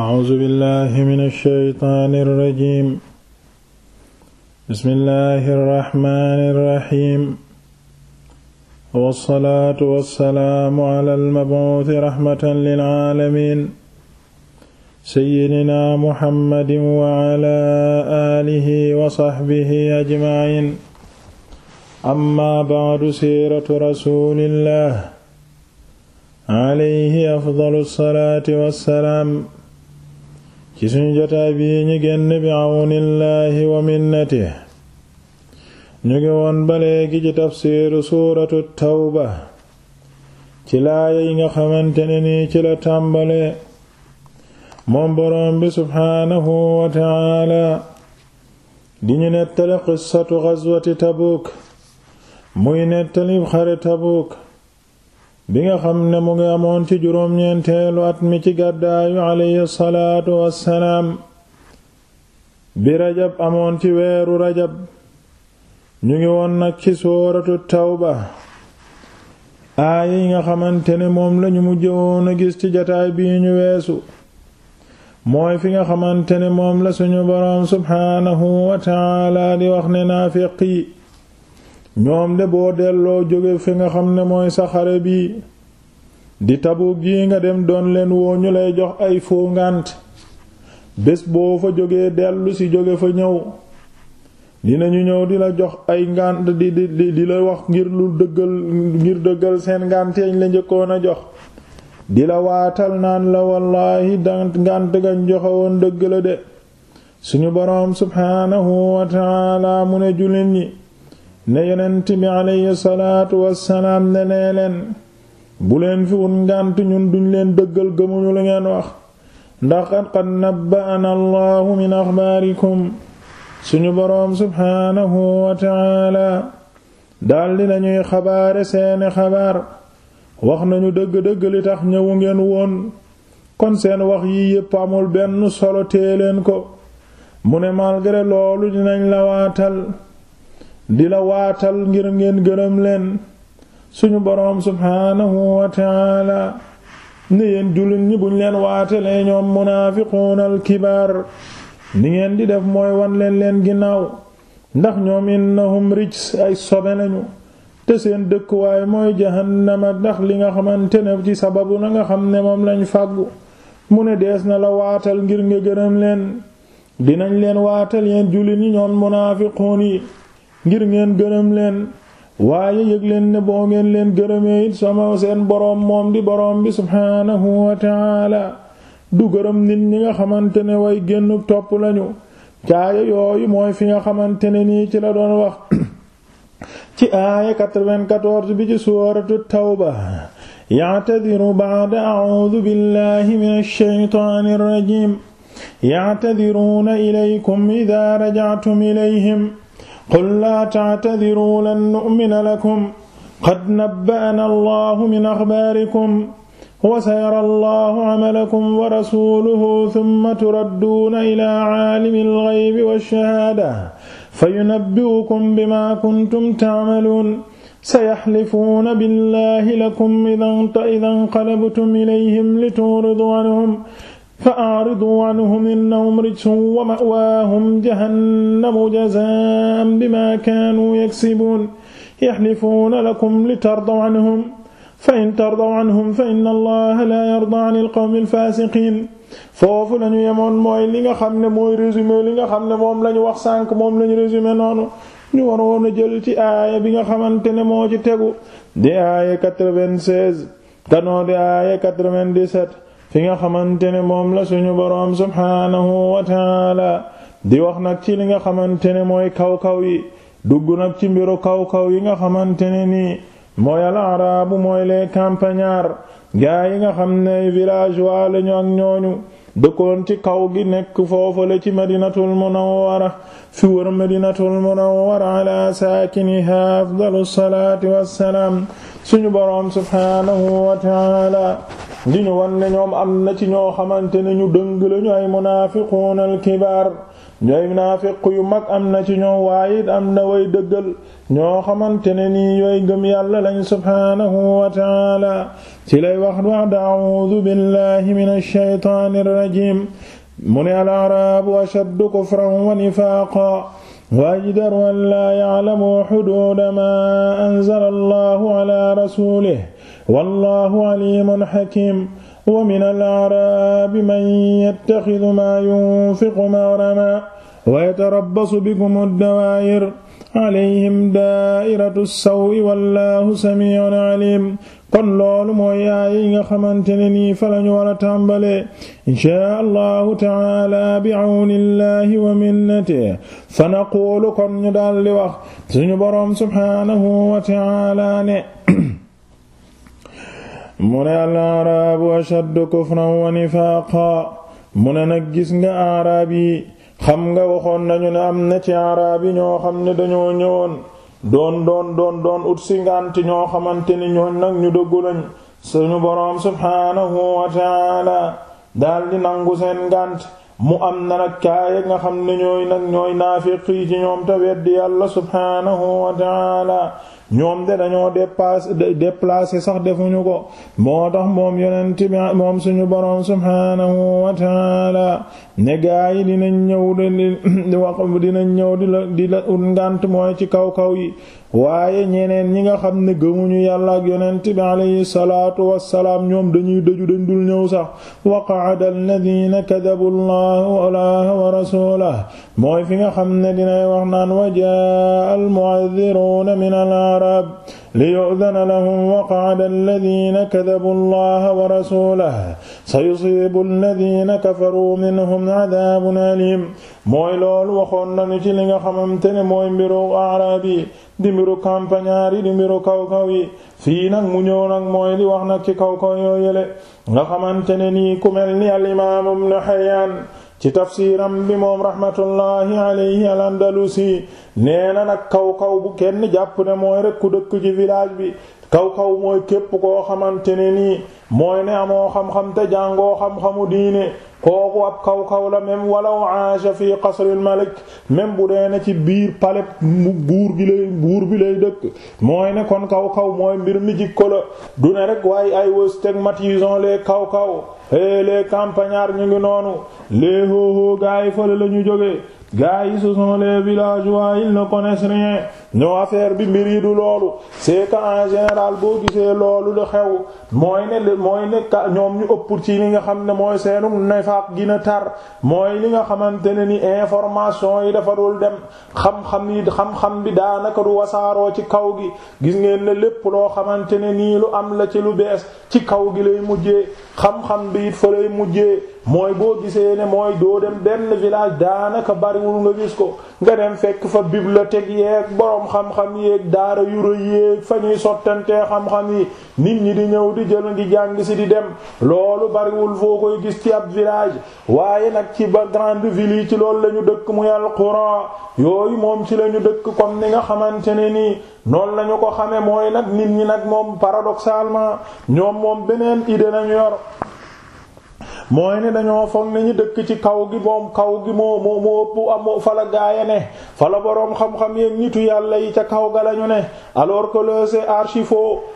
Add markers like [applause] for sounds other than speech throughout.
أعوذ بالله من الشيطان الرجيم بسم الله الرحمن الرحيم والصلاة والسلام على المبعوث رحمة للعالمين سيدنا محمد وعلى آله وصحبه أجمعين أما بعد سيرة رسول الله عليه أفضل الصلاة والسلام ci suñu jotaay bii ñu génn bi àwnillaahi wa minnati ñu ngi woon ba léegi ci tafsiiru suuratu tawba ci laaya yi nga xamante ni ci la tàmbale moom boroom bi subxaanahu wa taala di ñu nettali qissatu xaswati tabuuk muy nettali xare tabuuk bi nga xam ne mu ngi amoon ci juróom-ñeenteelu at mi ci gàddaayu alayhi salaatu wassalaam bi rajab amoon ci weeru rajab ñu ngi woon nag ci sooratu ba aay yi nga xamante ne moom lañu mujj woon a gis ci jataay bi ñuy weesu mooy fi nga xamante ne moom la suñu boroom subhaanahu wa di wax ne naafiq yi ñoom de boo delloo jóge fi nga xam ne mooy sa xare bi di tabu gi nga dem doon leen woo ñu lay jox ay foo ngànt bés boo fa jógee dellu ci jóge fa ñëw dinañu ñëw di la jox ay ngànt di di la wax ngir lu dëggal seen ngànt la njëkkoon a jox di la waatal naan la wallaahi dant ngànt gañ joxe woon dëgg la de suñu boroom subhaanahu mu ne julin ñi ne yonent bi aleyhi salaatu wassalaam ne nee leen bu leen fi wut ngànt ñun duñ leen dëggal gëmuñu lu ngeen wax ndax qad nabba'ana allahu min axbaarikum suñu boroom subhaanahu wa ta'ala daldi nañuy xabaare seeni xabaar wax nañu dëgg-dëgg li tax ñëwu ngeen woon kon seen wax yi yépp amul benn solo tee leen ko mu ne malgré loolu dinañ lawaatal di la waatal ngir ngeen gërëm leen suñu boroom subhaanahu wa taala ne yéen jullit ñi buñ leen waatalee ñoom munaafiquuna alkibaar ni ngeen di def mooy wan leen leen ginnaaw ndax ñoom innahum rijs ay sobe lañu te seen dëkkuwaay mooy jahannama ndax li nga xamante ne ci sababu na nga xam ne moom lañ fàggu mu ne dees na la waatal ngir nga gërëm leen dinañ leen waatal yen jullit ñi ñoom munaafiquun yi ngir ngeen gërëm leen waaye yëg leen ne boo ngeen leen gërëme it sama seen boroom moom di boroom bi subhaanahu wa taala du gërëm nit ñi nga xamante ne way génn topp lañu caaya yooyu mooy fi nga xamante ne nii ci la doon wax [coughs] ci aaya bi ci suuratu tawba ya'tadiru ba'da a'uudu billahi minash shaytaanir rajiim ya'tadiruuna ilaykum idaa raja'tum ilayhim qul laa ta'tadhiruu lan nu'mina lakum qad nabba'ana allahu min axbaarikum wa sayara allahu amalakum wa rasuuluhu thumma turadduuna ilaa caalimi alghaybi wash-shahaada fayunabbi'ukum bimaa kuntum ta'maluun sayahlifuuna billahi lakum idha inqalabtum ilayhim litu'riduu anhum fa a'ridu anhum innahum rijsun wa ma'waahum jahannamu jazaa'an bimaa kaanuu yaksibuun yahlifuuna lakum litardaw anhum fa in tardaw anhum fa inna allaha laa yardaa anil qawmil faasiqiin foofu la ñu yemoon mooy li nga xam ne mooy résumé li nga xam ne moom la ñu wax sànq moom la ñu résumé noonu ñu waroon a jël ci aaya bi nga xamante ne moo ci tegu di aaya 96 tanoo di aaya 97 fi nga xamante ne moom la suñu boroom subhaanahu wa taala di wax nag ci li nga xamante ne mooy kaw-kaw yi dugg nag ci mbiru kaw-kaw yi nga xamante ne nii mooy al arabu mooy les campagnards gaa yi nga xam ne village waa ñu ak ñooñu dëkkoon ci kaw gi nekk foofale ci madinatul munawwara fi wër madinatul munawwara ala saakiniha afdalu suñu boroom subhaanahu wa di ñu wan ne ñoom am na ci ñoo xamante ne ñu dëng lañu ay munaafiquun alkibaar ñooy naafiq yu mag am na ci ñoo waayit am na way dëggal ñoo xamante ne nii yooy gëm yàlla lañ subhaanahu wa taala ci lay wax ba'da a'uudu billahi minash shaytaanir rajiim al-a'raabu ashaddu kufran wa nifaaqan wa ajdaru an laa ya'lamu huduuda maa anzala allahu ala rasuulihi wallahu alimun hakim wa min al-a'rabi man yattakhidhu ma yunfiqu maghraman wa yatarabbasu bikum ad-dawaa'ir alayhim daa'iratu as-saw'i wallahu sami'un alim kon loolu mooy aaya yi nga xamante ne nii fa lañu war a tàmbalee inchaa allahu taala bi awnillahi wa minnati fa naquulu kon ñu daldi wax suñu boroom subhaanahu wa taala ne mu ne al-araabu kufran wa mu ne nag gis nga araab yi xam nga waxoon nañu ne am na ci araab yi ñoo xam ne dañoo ñëwoon doon doon doon doon ut si ngaanti ñoo xamante ni ñooñ nag ñu dëggu lañ suñu boroom subhaanahu wa taala daldi nangu seen ngànt mu am na nag kaaye nga xam ne ñooy nag ñooy naafiq ci ñoom te weddi yàlla subhaanahu wa ñoom de dañoo dépassé déplacé sax defuñu ko moo tax moom yonent bi moom suñu boroom subhaanahu wa taala ne gaa yi dinañ ñëw di dinañ ñëw di la di la ut ngant mooy ci kaw kaw yi waaye ñeneen ñi nga xam ne gëmuñu yàlla ak yonent bi alayhi salaatu wassalaam ñoom dañuy dëju dañ dul ñëw sax waqaada alladina kadabu allaha wa rasulahu mooy fi nga xam ne dinay wax naan wa jaa almu'adhdhiruna min al arab liyudana lahum waqaada alladina kadabuu allaha wa rasulahu sayusiibu alladina kafaruu minhum cadaabun aliim mooy loolu waxoon nañu ci li nga xamante ne mooy mbiru aaraab yi di mbiru campagnard yi di mbiru kaw-kaw yi fii nag mu ñëw nag mooy di wax nag ci kaw-kaw yoo yële nga xamante ne nii ku mel ni al imaam ibn Hayyaan ci tafsiram bi moom rahmatullahi alayhi al andalusi nee na nag kaw kaw bu kenn jàpp ne mooy rekk ku dëkk ci village bi kaw kaw mooy képp koo xamante ne nii mooy ne amoo xam-xam te jàngoo xam-xamu diine kooku ab kaw kaw la même wala aasha fi qasril malik même bu dee ne ci biir palais buur gi lay bi lay dëkk mooy ne kon kaw kaw mooy mbir mi jikko la du ne rek waaye ay wa stigmatisons les kaw kaw et eh les campagnards ñu ngi noonu les hoho gars yi fële la ñu jógee gars yi ce sont les villageois ils ne ñoo affaire bi mbir yi du loolu c'est que en général boo gisee loolu lu xew mooy ne mooy ne ñoom ñu ëpp ci li nga xam ne mooy seenu nefaq gina tar mooy li nga xamante ne ni information yi dafa dul dem xam-xam yi xam-xam bi daanaka du wasaaroo ci kaw gi gis ngeen ne lépp loo xamante ne nii lu am la ci lu bees ci kaw gi lay mujjee xam-xam bi it fa lay mujjee mooy boo gisee ne mooy doo dem benn village daanaka bariwul nga gis ko nga dem fekk fa boroom xam-xam yéeg daara yu rëy yéeg fa ñuy sottantee xam-xam yi nit ñi di ñëw di jël di jàng si di dem loolu bariwul foo koy gis ci ab village waaye nag ci ba grande ville yi ci loolu la ñu dëkk muy alxuraan yooyu moom ci la ñu dëkk comme ni nga xamante ne nii noonu lañu ko xamee mooy nag nit ñi nag moom paradoxalement ñoom moom beneen idée nañu yor mooy ne dañoo foog ne dëkk ci kaw gi moom kaw gi moo moo moo ëpp amoo fala gaaya ne fala boroom xam-xam yéen nitu yàlla yi ca kaw ga lañu ne alors que le c'est archi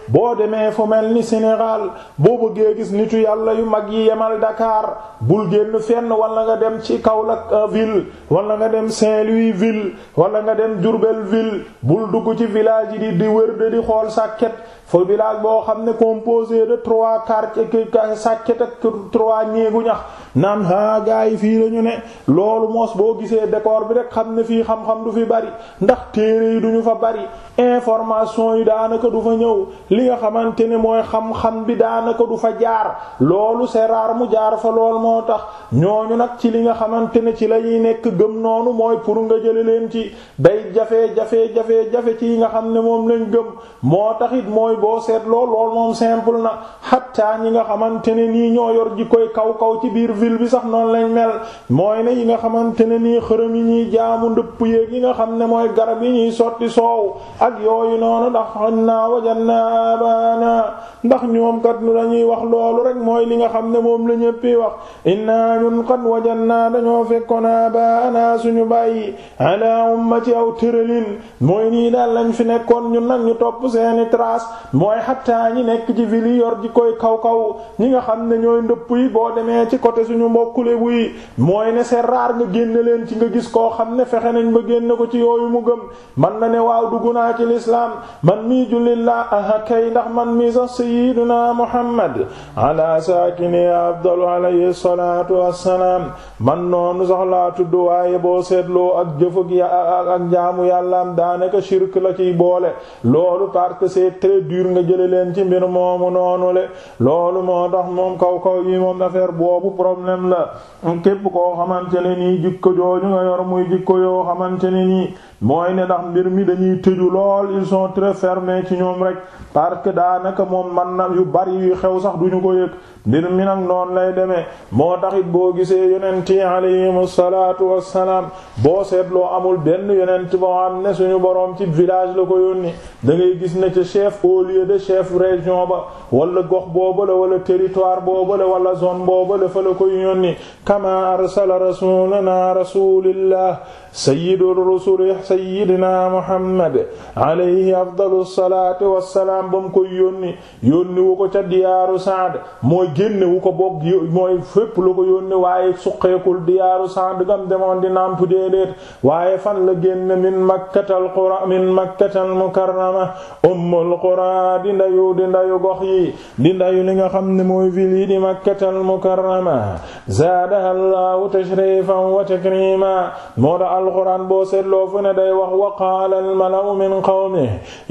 boo demee fu mel ni Sénégal boo bëggee gis nitu yàlla yu mag yi yemal Dakar bul génn fenn wala nga dem ci Kaolack euh, ville wala nga dem Saint-Louis ville wala nga dem jurbel ville bul dugg ci village yi di di wër de di xool sàkket fa village boo xam ne composé de trois quartiers sàkket ak trois ñeegu ñax naan ha gars yi fii la ñu ne loolu moos boo gisee décor bi rek xam ne fii xam-xam du fi bari ndax téere yi duñu fa bari information yi daanaka du fa ñëw li nga xamante ne mooy xam-xam bi daanaka du fa jaar loolu c'est mu jaar fa lool moo tax ñooñu nag ci li nga xamante ne ci la ñuy nekk gëm noonu mooy pour nga jële leen ci bay jafe jafe jafe jafe ci nga xam ne moom lañ gëm moo taxit mooy boo seet lool moom simple na xattaa ñi nga xamante ne nii ñoo yor ji koy kaw kaw ci biir ville bi sax noonu lañ mel mooy ne yi nga xamante ne nii xërëm yi ñuy jaamu ndëpp yëg yi nga xam ne mooy garab yi ñuy sotti soow ak yooyu noonu ndax xañ naa wajan naa abaana ndax ñoom kat nu dañuy wax loolu rek mooy li nga xam ne moom la ñëppi wax inna ñun kat wajan naa dañoo fekkoon abaana suñu bàyyi ala ci aw tëralin mooy nii daal lañ fi nekkoon ñun nag ñu topp seeni tras mooy xattaa ñi nekk ci ville yi yor ji koy kaw kaw ñi nga xam ne ñooy ndëpp suñu mbokk lébu yi mooy ne c'est rare nga génne leen ci nga gis koo xam ne fexe nañ ba génne ko ci yooyu mu gëm man na ne waaw dugg naa ci lislaam man mii jullit laa aha kay ndax man mii sax sayyiduna muhammad ala saakini afdalu alayhi salaatu wassalaam man noonu sax laa tudd waaye boo seetloo ak jëf ya ak njaamu yàlla am daanaka shirk la ciy boole loolu parce que c'est très nga jële leen ci mbir moomu noonu le loolu moo tax moom kaw kaw yi moom affaire boobu problème problème la képp koo xamante ne nii jikko jooju nga yor muy jikko yoo xamante ne nii mooy ne ndax mbir mi dañuy tëju lool ils sont très fermés ci ñoom rek parce que daanaka moom man na yu bari yu xew sax duñu ko yëg mbir mi nag noonu lay demee moo taxit boo gisee yonent yi alayhimu salaatu wassalaam boo seetloo amul benn yonent boo xam ne suñu boroom ci village la ko yónni da ngay gis ne ca chef au lieu chef région ba wala gox boobale wala territoire boobale wala zone boobale fa la koy yónni kama arsala rasulana rasulillah sayyidul rusuli sayyidina muhammad alayhi afdalu salaatu wassalaam ba mu koy yónni yónni wu ko ca diyaaru Saad mooy génne wu ko bokk mooy fépp la ko yónni waaye suqeekul diyaaru Saad gam demoon di nàmp déedéet waaye fan la génne min makkatal qura min makkatal mukarrama ummul qura di ndayu di ndayu gox yi di ndayu li nga xam ne mooy ville yi di makkatal mukarrama zaadaha allahu tashrifan wa takrima alxuraan boo seetloo fu ne day wax wa qaala almalaw min qawmi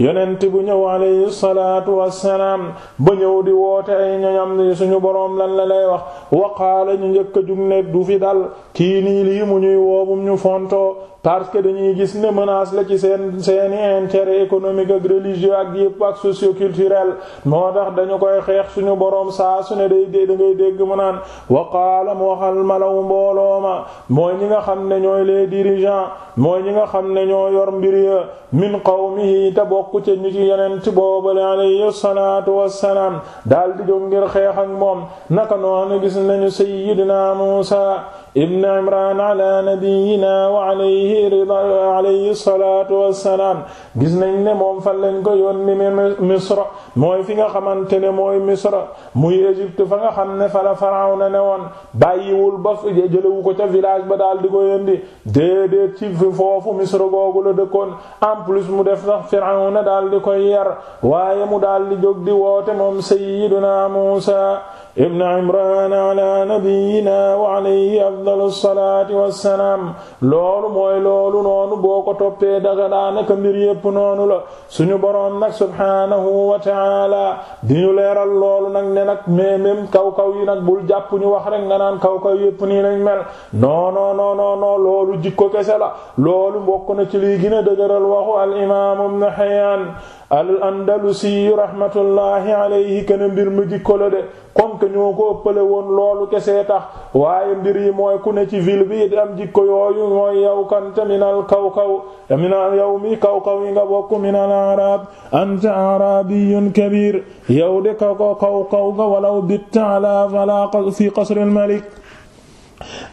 yonent bu ñëw alayhi salaatu wassalaam ba ñëw di woote ay ñoñam ni suñu boroom lan la lay wax wa qaala njëkk a jug du fi dal kii mu ñuy woobum ñu fonto parce que dañuy gis ne menace la ci seen seeni intérêt économique ak religieux ak yëpp ak socioculturel moo tax dañu koy xeex suñu boroom saa su ne day da ngay dégg mu naan waqaala mu waxal malaw mbooloo ma mooy ñi nga xam ne ñooy les dirigeants mooy ñi nga xam ne ñoo yor mbir ya min qawmihi te bokku ca yeneen ci yonent boobale alayhi salaatu wassalaam daal di jóg ngir xeex ak moom naka noonu gis nañu sayyidina Muusa ibn imran ala nabiyyina wa alayhi rida alayhi salatu wassalaam gis nañ moom fan lañ ko yónni misra mooy fi nga xaman ne mooy misra muy égypte fa nga xam ne fa la Firawna ne woon bàyyiwul ba jëlewu ko ca village ba daal di ko yónni déedéet ci fi foofu misra googu la dëkkoon en plus mu def sax Firawna daal koy yar waaye mu daal di woote moom sayyiduna Muusa ibn imran ala nabiyyina wa alayhi afdalu salaatu wassalaam loolu mooy loolu noonu boo ko toppee daga daanaka mbir yépp noonu la suñu boroon nag subhaanahu wa taala di ñu leeral loolu nag ne nag mais kaw-kaw yi nag bul jàpp ñu wax rek nga naan kaw-kaw yépp nii lañ mel non non loolu jikko kese la loolu mbokk na ci liy gën a dëgëral waxu al imaam ibn Hayyan al andalusi rahmatullahi alayhi kene mbir jikko la de comme que ñoo ko ëppale woon loolu ke tax waaye mbir yi mooy ku ne ci ville bi am jikko yooyu mooy yow kan te minal kaw kaw te minal nga bokk minal arab anta arabiyun kabir yow de kaw kaw kaw bitta ala fi qasr al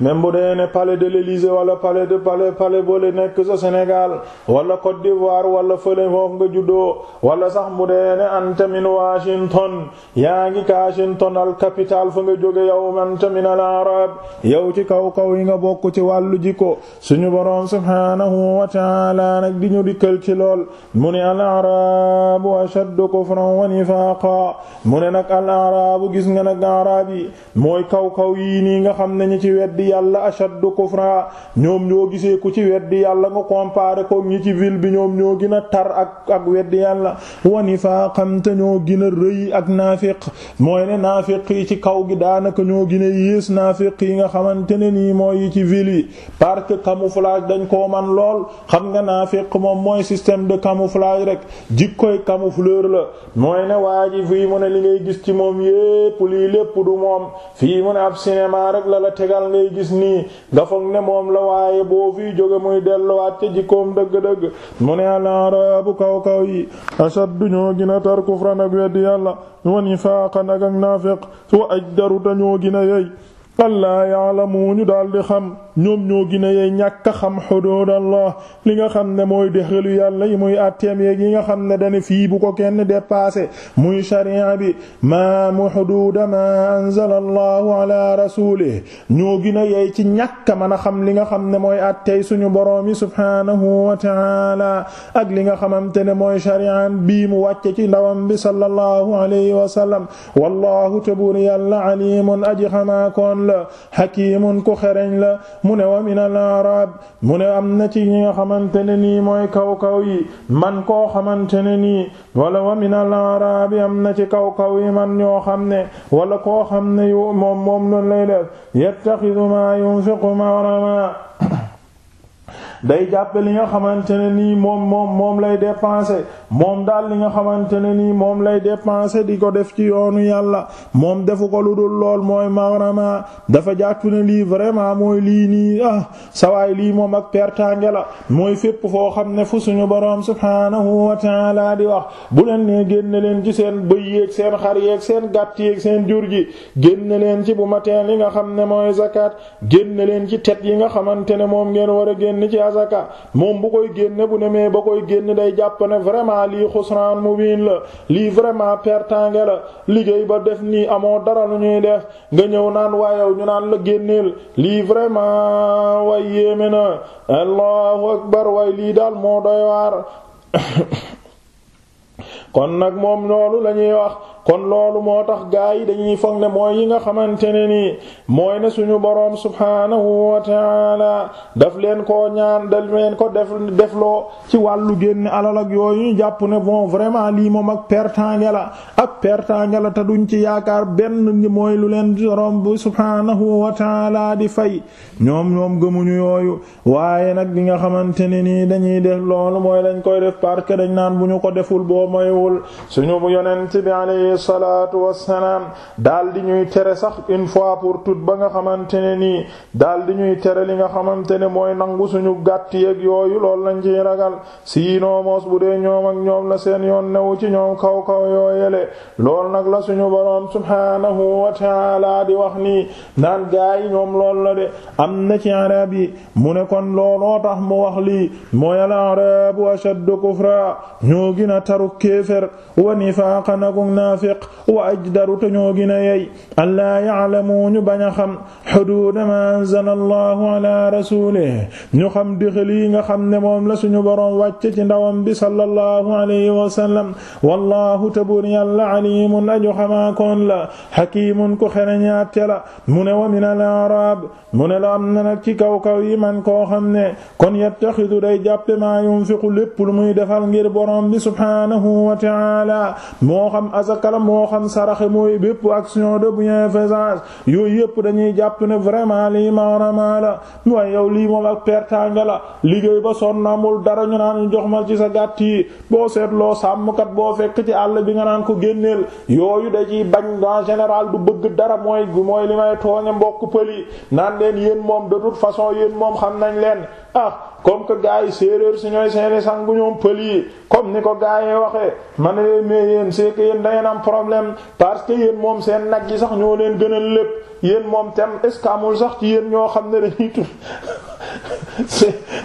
même bu dee ne palais de l'Élysée wala palais de palais palais boole nekk sa Sénégal wala Côte d'Ivoire wala fële foofu nga juddoo wala sax mu dee ne anta min Washington yaa ngi Washington al capital fa nga jóge yow anta min al arab yow ci kaw kaw yi nga bokk ci wàllu jikko suñu boroom subhanahu wa ta'ala nag di ñu dikkal ci lool mu ne al arabu ashaddu kufran wa nifaqa mu ne nag al arabu gis nga nag arab yi mooy kaw kaw yi nga xam ne ñi ci weddi yàlla ashaddu kufra ñoom ñoo gisee ku ci weddi yàlla nga comparé ko ñi ci ville bi ñoom ñoo gën a tar ak ak weddi yàlla wa nifaaqan te ñoo gën a rëy ak naafiq mooy ne naafiq yi ci kaw gi daanaka ñoo gën a yées naafiq yi nga xamante ne nii mooy yi ci ville yi parce que camouflage dañ ko man lool xam nga naafiq moom mooy système de camouflage rek jikkoy camoufleur la mooy ne waa ji fii mu ne li ngay gis ci moom yépp lii lépp du moom fii mu ne ab ngay gis nii nga foog ne moom la waaye boo fiy jóge muy delluwaat ca jikkoom dëgg-dëgg mu ne alaara kaw kaw yi ashaddu ñoo gën a ak weddi yàlla wa nifaaqan ak ak naafiq wa ajdaru ta ñoo gën a yey allaa yaalamu ñu daal di xam ñoom ñoo gine yey ñàkk a xam xuduudallah li nga xam ne mooy dexalu yàlla yi muy atteem yeeg yi nga xam ne dane fii bu ko kenn dépassé muy sharia bi maa mu xuduuda ma anzala allahu ala rasulih ñoo gine yey ci ñàkk a xam li nga xam ne mooy attey suñu boroom yi subhaanahu wa taala ak li nga xamante ne mooy sharia bii mu wàcce ci ndawam bi sallallahu alayhi wa wallahu tabuur yàlla alimun aji xamaakoon xabiirun la xakiimun ku xereñ la mu ne wa min al arab mu ne am na ci ñi nga xamante ne nii mooy kaw-kaw yi man koo xamante ne nii wala wa min al am na ci kaw-kaw yi man ñoo xam ne wala koo xam ne yu moom moom noonu lay def yattaxidu ma yunfiqu marama day jàppe li nga xamante ne nii moom moom moom lay dépenser moom daal li nga xamante ne nii moom lay dépenser di ko def ci yoonu yàlla moom defu ko lu dul lool mooy marama dafa jàpp ne lii vraiment mooy lii nii ah sawaay lii moom ak pertange la mooy fépp foo xam ne fu suñu boroom subhanahu wa ta'ala di wax bu leen nee génn leen ci seen bëy yeeg seen xar yeeg seen gàtt yeeg seen jur gi génn leen ci bu matin li nga xam ne mooy zakat génn leen ci tet yi nga xamante ne moom ngeen war a azaka moom bu koy génne bu demee ba koy génn day jàpp ne vraiment lii xusraan mubiin la lii vraiment pertange la liggéey ba def nii amoo dara lu ñuy def nga ñëw naan waayow ñu naan la génneel lii vraiment way yéeme na allahu akbar way lii daal moo doy waar [coughs] kon nag moom loolu lañuy wax kon loolu moo tax gaa yi dañuy foog ne mooy yi nga xamante ne nii mooy ne suñu boroom subhaanahu wa taala daf leen koo ñaan daf leen ko def defloo ci wàllu génn alal yooyu jàpp ne bon vraiment lii moom ak pertange la ak pertange te duñ ci yaakaar benn mooy lu leen boroom bi subhaanahu wa taala di fay ñoom ñoom gëmuñu yooyu waaye nag li nga xamante ne nii dañuy def loolu mooy dañ koy def parce que dañ naan bu ñu ko deful boo moywul suñu bu yonent bi alayhi salaatu wassalaam daal di ñuy tere sax une fois pour toutes ba nga xamante ne nii daal di ñuy tere li nga xamante ne mooy nangu suñu gàtt yeeg yooyu lool lañ ciy ragal siinoo moos bu dee ñoom ak ñoom la seen yoon new ci ñoom kaw kaw yooyele lool nag la suñu boroom subhaanahu wa ta'ala di wax nii naan gaa yi ñoom lool la de am na ci arab yi mu ne kon looloo tax mu wax lii mooy al arabu ashaddu kufra ñoo gina taru kéefër wa nifaaqan ak naafiq wa ajdaru te ñoo gën a yey an laa ya'lamu ñu bañ a xam xuduuda ma anzala allahu ala rasulihi ñu xam dëxal yi nga xam ne moom la suñu boroom wàcce ci ndawam bi sallallahu alayhi wa sallam wallahu tabur yàlla alimun aju xamaakoon la xakimun ko xereñaatte la mu ne wa min al arab mu ne la am na nag ci kaw-kaw yi man koo xam ne kon yattaxidu day jàppe maa yunfiqu lépp lu muy defal ngir boroom bi subhanahu wa ta'ala moo xam azaka la moo xam saraxe mooy bépp action de bienfaisance yooyu yëpp dañuy jàpp ne vraiment lii maanaam la mooy yow lii moom ak pertanga la liggéey ba sonn amul dara ñu naan jox ma ci sa gàtt yi boo seetloo sàmmkat boo fekk ci àll bi nga naan ko génneel yooyu da ciy bañ en général du bëgg dara mooy mooy li may tooñe mbokk pëli naan leen yéen moom de toute façon yéen moom xam nañ leen ah comme que gars yi séeréer si ñooy seeni sangu ñoom pël yi comme ni ko gars yi waxee man leen mais yéen c'est que yéen da ngeen am problème parce que yéen moom seen nag yi sax ñoo leen gënal lépp yéen moom tam est-ce que amul sax ci yéen ñoo xam ne dañuy tudd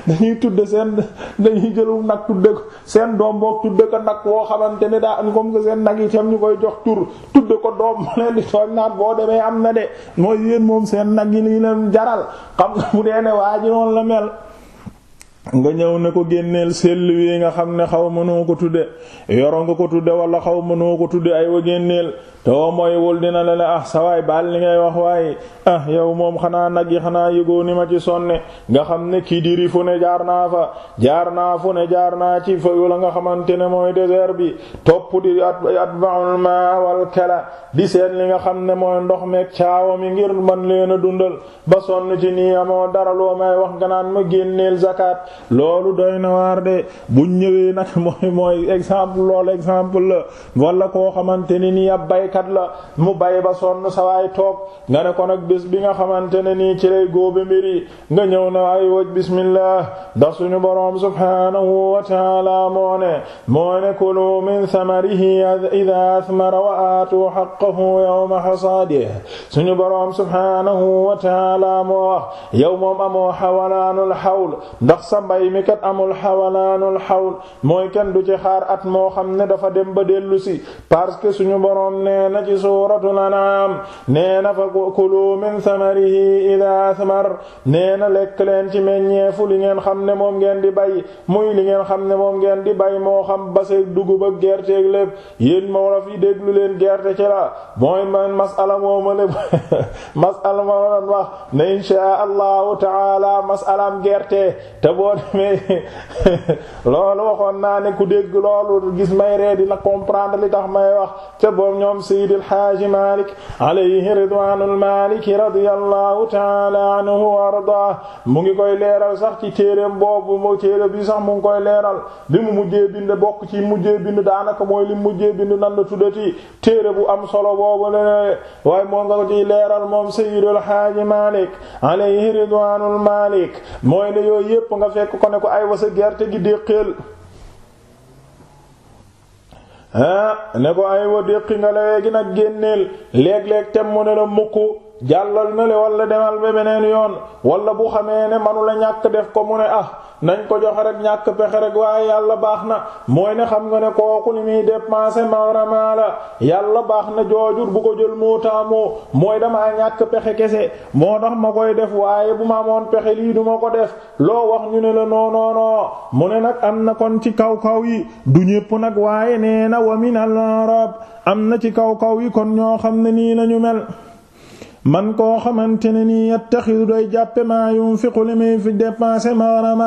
dañuy [laughs] tudde seen dañuy jëlu nag tudde seen doom boog tudde ko nag woo xamante ne daa am comme que seen nag yi tam ñu koy jox tur tudde ko doom mu leen di tooñ naat boo demee am na de mooy yéen moom seen nag yi li leen jaral xam nga bu dee ne waa ji noonu la mel nga ñëw na ko génneel sell wi nga xam ne xaw ma noo ko tudde yoro nga ko tudde wala xaw ma noo ko tudde ay wa génneel too mooywul dina la la ah sawaay baal li ngay wax waaye ah yow moom xanaa nag yi xanaa yëgoo ni ma ci sonne nga xam ne Kidiri fu ne jaar naa fa jaar naa fu ne jaar naa ci fa la nga xamante ne mooy désert bi topp di at atbaul ma wal kala di seen li nga xam ne mooy ndox meeg caawa mi ngir man leen a dundal ba sonn ci nii amoo dara loo may wax nga naan ma génneel zakat loolu doy na waar de bu ñëwee nag [laughs] mooy mooy exemple loolu exemple la wala koo xamante ni nii ab baykat la mu bay ba sonn sa waay toog nga ne ko nag bés bi nga xamante ne nii ci lay góobe mbir yi nga na ay waj bismillah ndax suñu boroom subhanahu wa taala moo ne moo ne kulu min samarihi idha athmara wa aatu haqqahu yawma hasaadihi suñu moo wax yow moom amoo xawalaanul xawl ndax sa mbay mi kat amul xawalaanul xawl mooy kenn du ci xaar at moo xam ne dafa dem ba dellusi parce suñu boroom ne nee na ci suuratul an'aam nee na fa kulu min samarihi idaa asmar nee na lekk leen ci meññeefu li ngeen xam ne moom ngeen di bay muy li ngeen xam ne moom ngeen di bay moo xam baseeg dugub ak gerteeg lépp yéen ma la fi déglu leen gerte ci la mooy ma masala mooma lépp masala moo [laughs] doon wax ne inshaa allahu taala masalam gerte te boo demee [laughs] loolu waxoon naa ne ku dégg loolu gis may ree dina comprendre li tax may wax te boom ñoom Seydi El Hadji Malick alayhi ridwaanul Maliki ta'ala anhu wa ardaa mu ngi koy leeral sax ci téereem boobu moo téere bi sax mu koy leeral bi mu mujjee bokk ci mujjee bind daanaka mooy li mujjee bind nan la tuddati téere bu am solo boobu la waaye moo nga ko ciy leeral moom Seydi El Hadji Malick alayhi ridwaanul Malik ne yooyu yépp nga fekk ko ne ko ay wasa gerte gi déqeel ah ne ko ay wa déqi nga la léegi nag génneel léeg-léeg tem mu ne la mukk jàllal na le wala demal ba beneen yoon wala bu xamee ne manu la ñàkk def ko mu ne ah nañ ko joxe rek ñàkk pexe rek waaye yàlla baax na mooy ne xam nga ne kooku li muy dépenser mawrama la yàlla baax na joojur bu ko jël moo taamoo mooy damaa ñàkk pexe kese moo tax ma koy def waaye bu ma amoon pexe lii du ma ko def loo wax ñu ne la non non non mu ne nag am na kon ci kaw kaw yi du ñépp nag waaye nee na wa min al arab am na ci kaw kaw yi kon ñoo xam ne nii nañu mel man koo xamante ne nii yattaxidu day jàppe maa yunfiqu li muy fi dépenser maanaam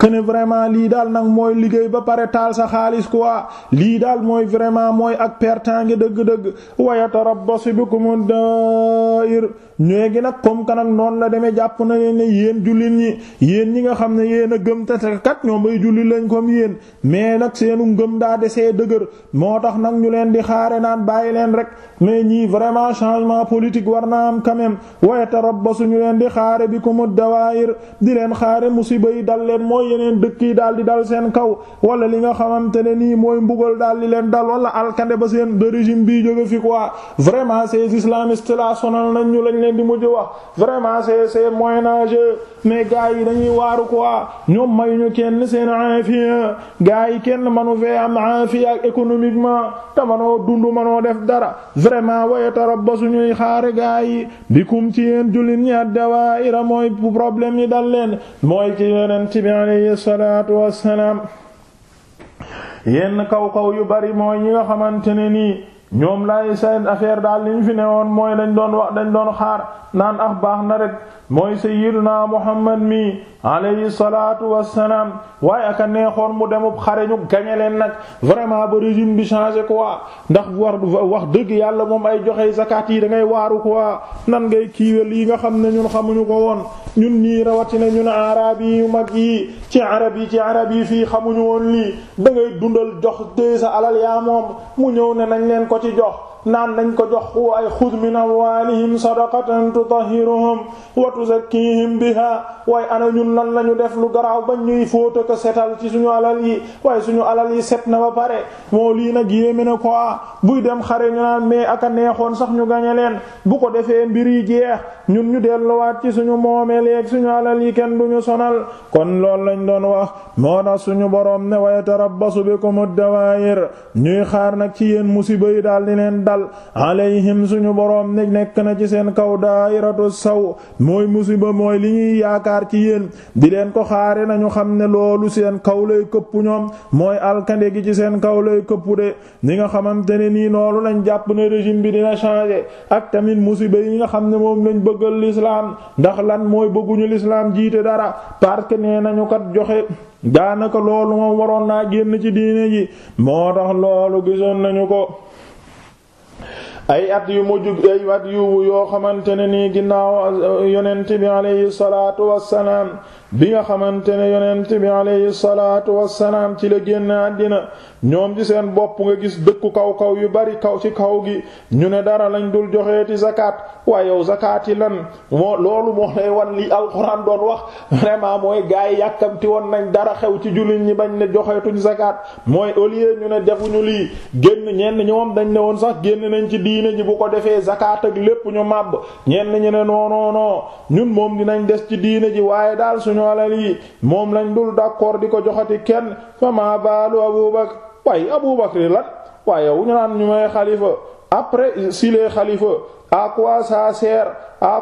kene vraiment lii daal nag mooy liggéey ba pare taal sa xaalis ko waa lii daal mooy vraiment mooy ak ngi dëgg-dëgg wa yatarabbasu bikum daa'ir ñeegi nag comme gi nag noonu la demee jàpp na leen ne yéen jullit ñi yéen ñi nga xam ne yéen a gëm te kat ñoom ay jullit lañ kom yéen mais nag seenu ngëm daa desee dëgër moo tax nag ñu leen di xaare naan bàyyi leen rek mais ñii vraiment changement politique war naa am quand même waaye tarabbasu ñu leen di xaare bi ko mu dawaayir di leen xaare musiba yi dal leen mooy yeneen dëkk yi daal di dal seen kaw wala li nga xamante ne nii mooy mbugal daal di leen dal wala alkande ba seen de régime bii jóge fi quoi vraiment ces islamistes là sonal nañ ñu lañ leen di mujj wax vraiment c'est c'est moyen âge mais gars yi dañuy waaru quoi ñoom mayuñu kenn seen aafiya gars yi kenn manu fee am aafiya économiquement te dund manoo def dara vraiment wayatarabbasu ñuy xaare gaa yi bikum ci yéen jullit ñi addawaira mooy problème yi dal leen mooy ci yonent bi alayhi wassalaam yenn kaw kaw yu bari mooy ñi nga ne nii ñoom lay seen affaire daal li ñu fi newoon mooy dañ doon wax dañ doon xaar naan ax ah baax na rek mooy sayyidina Muhammad mi alayhi salaatu wassalaam waaye aka neexoon mu demub xare ñu gañe leen nag vraiment ba régime bi changé quoi ndax war wax dëgg yàlla moom ay joxe zakat yi da ngay waaru quoi nan ngay kiiwel nga xam ne ñun xamuñu ko woon ñun ñii rawatina ñun arab yi mag yi ci arab yi ci arab yi fii xamuñu woon lii da ngay dundal jox tée sa alal yaa moom mu ñëw ne nañ leen ko ci jox naan nañ ko jox ay na xud min amwalihim sadaqatan tutahhiruhum wa bi biha waaye ana ñun lan lañu def lu garaaw ba ñuy fóota ko setal ci suñu alal yi waaye suñu alal yi set na ba pare moo lii nag yéeme na ko ah buy dem xare ñu naan mais aka neexoon sax ñu gañe leen bu ko defee mbir yi jeex ñun ñu delluwaat ci suñu moomeel yeeg suñu alal yi kenn duñu sonal kon loolu lañ doon wax moo tax suñu boroom ne wa yatarabbasu bikum ad-dawaayir ñuy xaar nag ci yeen musiba yi daal dal alayhim suñu boroom ne nekk na ci seen kaw daayiratu saw mooy musiba mooy li ñuy yaakaar ci yéen di leen ko xaare nañu xam ne loolu seen kaw lay këpp ñoom mooy alkande gi ci seen kaw lay këpp de ñi nga xamante ne nii noonu lañ jàpp ne régime bi dina changer ak tamit musiba yi nga xam ne moom lañ bëggal l'islam ndax lan mooy bëgguñu l'islam jiite dara parce que nañu kat joxe daanaka loolu moom waroon naa génn ci diine ji moo tax loolu gisoon nañu ko ay at yu mujj ay at yu yoo xamante ne nii ginnaaw yonent bi alayhi salaatu wassalaam bi nga xamante ne yonent bi alayhi salaatu wassalaam ci la génn àddina ñoom di seen bopp nga gis dëkku kaw-kaw yu bari kaw ci kaw gi ñu ne dara lañ dul joxeeti zakat waaye yow zakat yi lan moo loolu moo lay wan li alxuraan doon wax vraiment mooy gaa yi yàkkamti woon nañ dara xew ci jullit ñi bañ ne joxeetuñ zakat mooy au lieu ñu ne defuñu lii génn ñenn ñoom dañ ne woon sax génn nañ ci diine ji bu ko defee zakat ak lépp ñu màbb ñenn ñu ne non non non suñu alal yi moom lañ dul d'accord di ko joxati kenn fa maa baalu Abubakar waaye Abubakar lan waaye wu ñu naan ñu may xalifa après s'il est xalifa à quoi ça sert à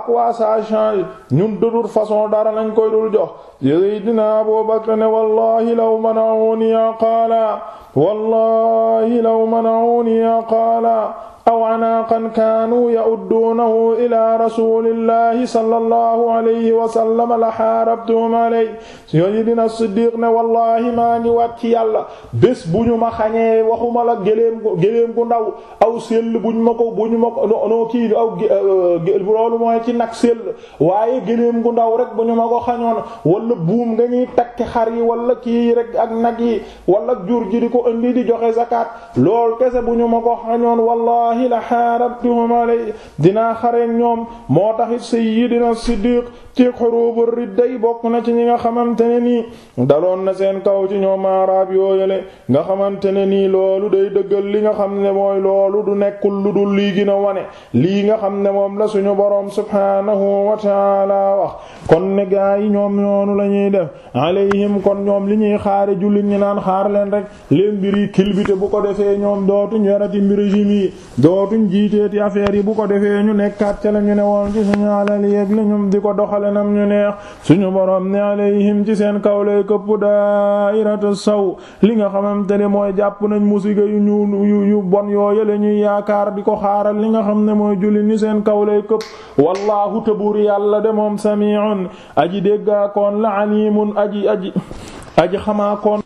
change ñun de façon dara lañ koy dul jox Seydina Abu ne wallahi law mana'uni ya qala wallahi law mana'uni ya qala aw anaaqan kaanuu ya'udduunahu ilaa rasuulillaahi sallallahu alayhi wa sallam la xaarabtuhum alayhi sayyidina Siddiq ne wallaahi maa ngi waat ci yàlla bés bu ñu ma xañee waxuma la géléem géléem gu ndaw aw sell bu ñu ma ko bu ñu ma ko noo kii aw loolu mooy ci nag sell waaye géléem gu ndaw rek bu ñu ma ko xañoon wala buum nga ñuy takki xar yi wala kii rek ak nag yi wala jur ji di ko indi di joxe zakat lool kese bu ñu ma ko xañoon wallaahi wallahi la xaarabtuhum alay dinaa xareen ñoom moo taxit sayyidina Siddiq ci xurubu ridda bokk na ci ñi nga xamante ne nii daloon na seen kaw ci ñoom araab yooyale nga xamante ne nii loolu day dëggal li nga xam ne mooy loolu du nekkul lu dul lii gina wane lii nga xam ne moom la suñu boroom subhaanahu wa taala wax kon ne gaa yi ñoom noonu la ñuy def alayhim kon ñoom li ñuy xaare jullit ñi naan xaar leen rek leen mbiri kilbite bu ko defee ñoom dootuñ yarati mbiri jimi dootuñ jiiteeti affaire yi bu ko defee ñu nekkaat ca la ñu ne woon ci suñu alal yéeg li ñum di ko doxale nam ñu neex suñu borom ne alayhim ci seen kaw lay këpp daairatu saw li nga xamante ne mooy jàpp nañ musiga yu ñu yu bon yoo yële ñuy yaakaar di ko xaaral li nga xam ne mooy julli ñu seen kaw lay këpp wallahu tabur yàlla de moom sami'un aji déggaakoon la alimun aji xamaakoon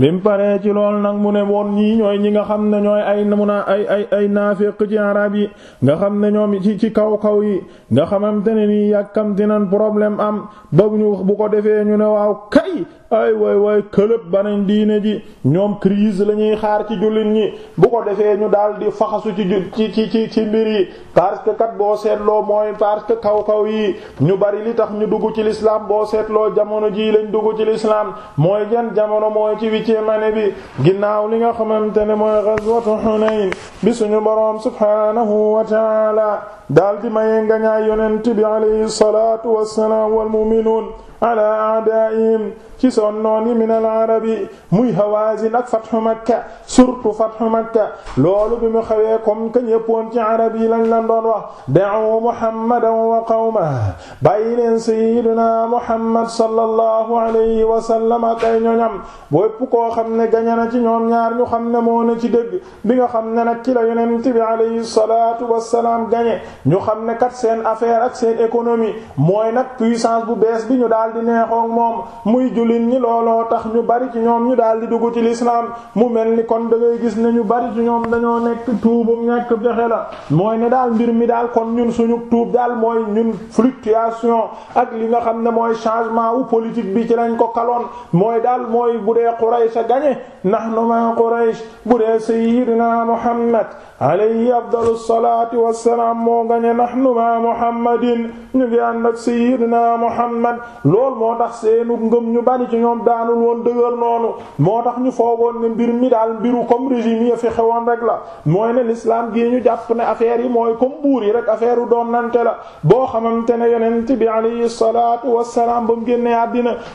bi mu paree ci lool nag mu ne woon ñii ñooy ñi nga xam ne ñooy ay mun a ay ay ay naafiq ci arab yi nga xam ne ñoom ci ci kaw kaw yi nga xamante ne nii yàkkamti nan problème am ba ñu bu ko defee ñu ne waaw kay ay way way këlëb banañ diine ji ñoom crise la ñuy xaar ci jullit ñi bu ko defee ñu daal di faxasu ci ci ci ci mbir yi parce ka kat boo seetloo mooy parce que kaw-kaw yi ñu bari li tax ñu dugg ci l'islam boo seetloo jamono ji lañ dugg ci l'islam mooy jan jamono mooy ci huitième année bi ginnaaw li nga xamante ne mooy ghazwatu Hunayn bi suñu boroom subhanahu wa ta'ala daal di maye nga ñaay yonent bi alayhi salatu wassalam wal mu'minun ala a'da'ihim ci son noon yi min al arabi muy hawazin ak fathu makka surtout fathu makka loolu bi mu xawee kom que ñëppoon ci arab yi lañ lan doon wax da'u muhammadan wa qawmahu bàyyi leen sayyidina muhammad sallallahu alayhi wa sallam ak ay ñoñam bopp koo xam ne gaña na ci ñoom ñaar ñu xam ne moo na ci dëgg bi nga xam ne nag ci la yonent bi alayhi salatu wassalaam gañe ñu xam ne kat seen affaire ak seen économie mooy nag puissance bu bees bi ñu daal daal di neexoog moom muy jullit ñi looloo tax ñu bari ci ñoom ñu daal di dugg ci lislaam mu mel ni kon da gis ne ñu bari ci ñoom dañoo nekk tuubum ñàkk pexe la mooy ne daal mbir mi daal kon ñun suñu tuub daal mooy ñun fluctuation ak li nga xam ne mooy changement wu politique bi ci lañ ko kaloon mooy daal mooy bu dee Quraysh a gañe nahnu ma Quraysh bu dee sayyidina Muhammad alayhi afdalu salaati wassalaam moo gañe nahnu ma muhammadin ñu ngi ànd ak sayyidina muhammad lool moo tax seenu ngëm ñu bari ci ñoom daanul woon dëgër noonu moo tax ñu foogoon ne mbir mi daal mbiru comme régime fi xewoon rek la mooy ne l'islam gii ñu jàpp ne affaire yi mooy comme buur yi rek affaire doom doon nante la boo xamante ne yonent bi àddina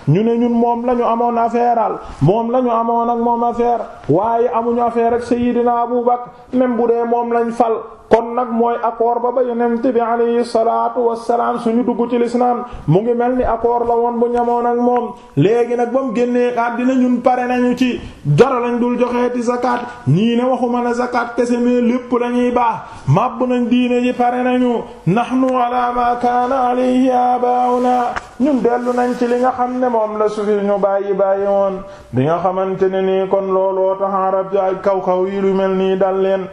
ñu ne ñun moom lañu amoon affaire al moom la amoon ak moom affaire waaye amuñu affaire ak sayyidina Abu Bakr moom lañu fal kon nag mooy accord ba ba yonent bi alayhi salaatu wassalaam ñu dugg ci lislaam mu ngi mel ni accord la woon bu ñamoo ak moom léegi nag ba mu génnee àddina ñun pare nañu ci dara lañ dul joxeeti zakat ñii ne waxuma ne zakat kese mais lépp lañuy baax màbbu nañ diine ji pare nañu nahnu ala ma kaana alayhi abauna ñun dellu nañ ci li nga xam ne moom la sufi ñu bàyyi bàyyi woon bi nga xamante ne nii kon looloo tax arab ay lu mel nii dal leen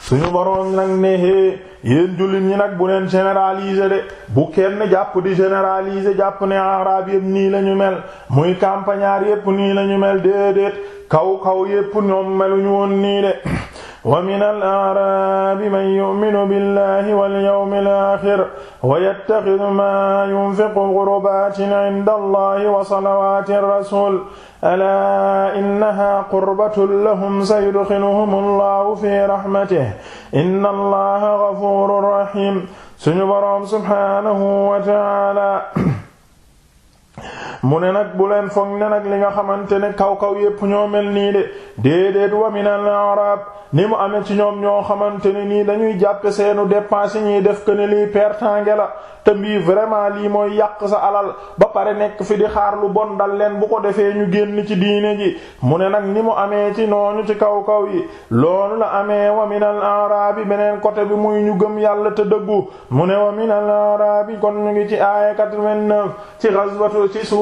suñu boroom nag ne hee jullit ñi nag bu neen généraliser de bu kenn jàpp di généraliser jàpp ne araab yépp nii lañu mel muy campagnard yépp nii lañu mel déedéet kaw kaw yépp ñoom meluñu woon nii de [clears throat] wa min al-a'raabi man yu'minu billahi wal yawmil aaxir wa yattaxidu maa yunfiqu qurbaatin inda allahi wa salawaati rasuul alaa innahaa qurbatun lahum sayudxiluhum allahu fi rahmatihi inna allaha gafuurun rahiim suñu boroom subhaanahu wa ta'aala mu ne nag bu leen foog ne nag li nga xamante ne kaw-kaw yépp ñoo mel nii de déedéet wa min al arab ni mu amee ci ñoom ñoo xamante ne nii dañuy jàppe seenu dépense yi ñuy def que ne lii pertange la te mbii vraiment lii mooy yàq sa alal ba pare nekk fi di xaar lu bon dal leen bu ko defee ñu génn ci diine ji mu ne nag ni mu amee ci noonu ci kaw-kaw yi loolu la amee wa min al arabi beneen côté bi muy ñu gëm yàlla te dëggu mu ne wa min al arabi kon ñu ngi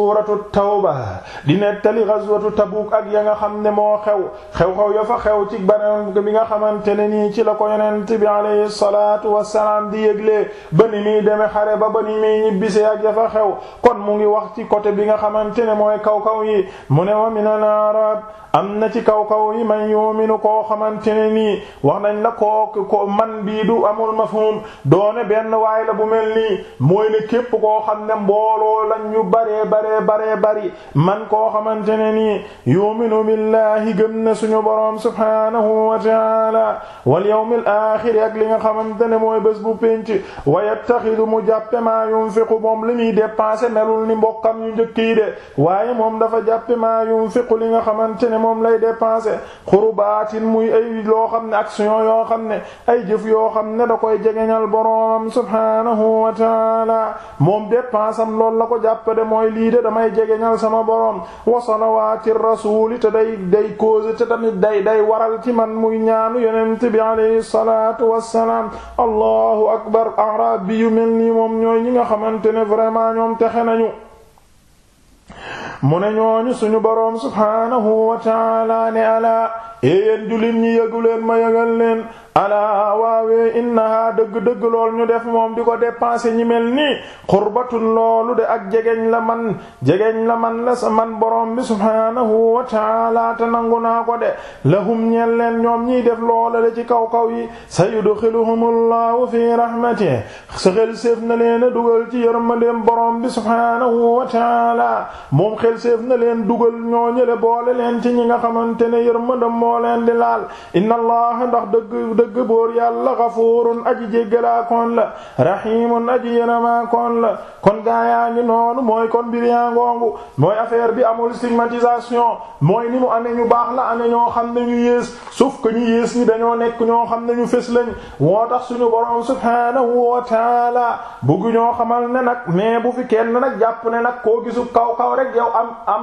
suuratu tawba di nettali ghazwatu Tabuk ak ya nga xam ne moo xew xew-xew ya fa xew ci banam bi nga xamante ne ni ci la ko yonent bi alayhi salaatu wassalaam di yëgle ba ni deme demee ba ba ni muy ñibbisee ak ya fa xew kon mu ngi wax ci côté bi nga xamante ne mooy kaw kaw yi mu ne wa min al am na ci kaw kaw yi man yuminu koo xamante ne nii wax nañ la koo ko man bii du amul mafhum doone benn waay la bu mel ni mooy ne képp koo xam ne mbooloo lañ ñu baree baree baree bari man koo xamante ne nii yuminu billahi gëm na suñu boroom subhanahu wa taala wal yawmil axir ak li nga xamante ne mooy bés bu pénc wa yattaxidu mu jàppe maa yunfiqu moom li ñuy dépenser melul ni mbokkam yu njëkk de waaye moom dafa jàppe maa yunfiqu li nga moom lay dépenser xurbaatin muy ay loo xam ne action yoo xam ne ay jëf yoo xam ne da koy jegeñal boroomam subhanahu wa taala moom dépense am loolu la ko jàppe de mooy lii de damay jegeñal sama boroom wa salawaati rasuuli te day day cause te tamit day day waral ci man muy ñaanu yonent bi alayhi salaatu wassalaam allahu akbar araab bi yu mel nii moom ñooy ñi nga xamante ne vraiment ñoom texe nañu mu ne ñooñu suñu boroom subhaanahu wa ta'aala ne alaa yéen jullit ñi yëgu leen ma yëgal leen alaa waawee innaha dëgg-dëgg lool ñu def moom di ko dépenser ñi mel nii xurbatun loolu de ak jegeñ la man jegeñ la man la sa man borom bi subhaanahu wa taala te nangu naa ko de lahum ñeel leen ñoom ñiy def loola la ci kaw-kaw yi sayudxiluhumullahu fi rahmatihi sa xel séef na leen a dugal ci yërmandeem boroom bi subhaanahu wa taala moom xel séef na leen dugal ñoo ñële boole leen ci ñi nga xamante ne yërmandam moo leen di laal inna allah ndax dëgg dëgg boor yàlla xafuurun aji jéggalaa kon la rahimun aji yénamaa la kon gaayaa ngi noonu mooy kon mbir yaa ngoongu mooy affaire bi amul stigmatisation mooy ni mu amee ñu baax la amee ñoo xam ne ñu yées sauf que ñu yées ñi dañoo nekk ñoo xam ne ñu fés woo tax suñu borom subhanahu wa taala bugg ñoo xamal ne nag mais bu fi kenn nag jàpp ne nag koo gisub kaw kaw rek yaw am am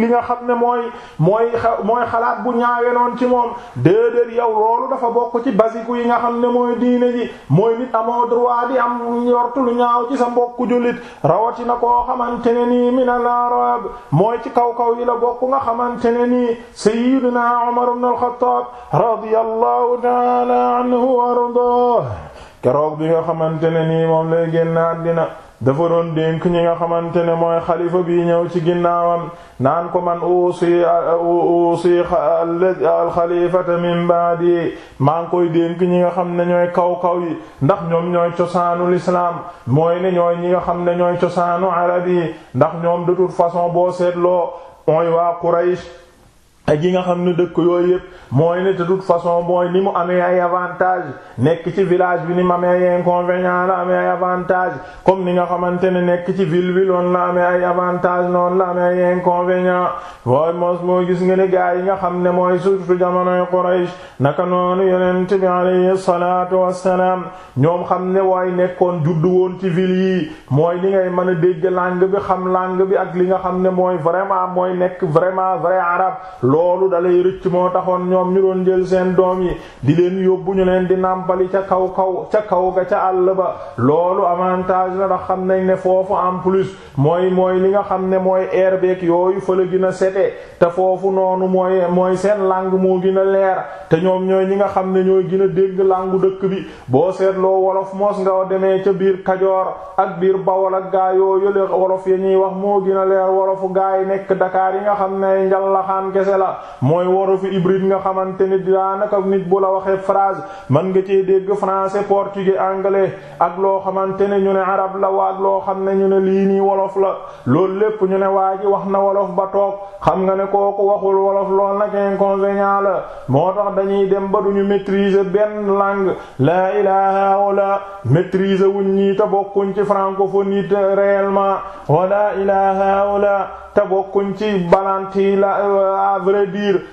li nga xam ne mooy mooy mooy xalaat bu ñaawe noon ci moom déedéet yow loolu dafa bokk ci ci basiku yi nga xam ne mooy diine ji mooy nit amoo droit di am yortu lu ñaaw ci sa mbokku jullit rawatina koo xamante ne min al mooy ci kaw kaw yi la bokk nga xamante ne nii sayyidina Umar ibn al-Khattab radiyallahu ta'ala anhu wa ardaahu keroog bi nga xaman ne moom lay génn àddina dafa doon dénk ñi nga xamante ne mooy xalifa bi ñëw ci ginnaawam naan ko man uusi uusi alxalifata min baadi maa ngi koy dénk ñi nga xam ne ñooy kaw-kaw yi ndax ñoom ñooy cosaanu lislaam mooy ne ñooy ñi nga xam ne ñooy cosaanu arab yi ndax ñoom de toute façon boo seetloo mooy waa Quraysh ak yi nga xam ne dëkk yooyu yëpp mooy ne de façon mooy ni mu amee ay avantage nekk ci village bi ni ma amee ay inconvénient la amee ay avantage comme ni nga xamante ne nekk ci ville bi la amee ay avantage noonu la amee ay inconvénient mooy mos moo gis nga ne gaa yi nga xam ne mooy surtout jamonoy Quraysh naka noonu yonent bi alayhi salaatu wassalaam ñoom xam ne waay nekkoon juddu woon ci ville yi mooy li ngay mën a dégg langue bi xam langue bi ak li nga xam ne mooy vraiment mooy nekk vraiment vrai arabe loolu dalay rëcc moo taxoon ñoom ñu doon jël seen doom yi di leen yóbbu ñu leen di nàmpali ca kaw kaw ca kaw ga ca àll ba loolu avantage la ndax xam nañ ne foofu en plus mooy mooy li nga xam ne mooy air beeg yooyu fële gën a sete te foofu noonu mooy mooy seen langue moo gin a leer te ñoom ñooy ñi nga xam ne ñoo gën a dégg langue dëkk bi boo seetloo wolof moos nga demee ca biir Kajoor ak biir Bawol ak gaa yoo yële wolof ya ñuy wax moo gën a leer wolofu gaa yi nekk Dakar yi nga xam ne njallaxaan kese la mooy waru fi hybride nga xamante ni daanaka nit bu la waxee phrase mën nga cee dégg français portugais anglais ak loo xamante ne ñu ne arab la waag loo xam ne ñu ne lii nii wolof la loolu lépp ñu ne waa ji wax na wolof ba toog xam nga ne kooku waxul wolof lool nag inconvénient la moo tax dañuy dem ba duñu maîtriser benn langue la ilaha wala maîtriser wuñ ñii te bokkuñ ci francophonie réellement wala ilaha wala te bokkuñ ci balante yi la euh, à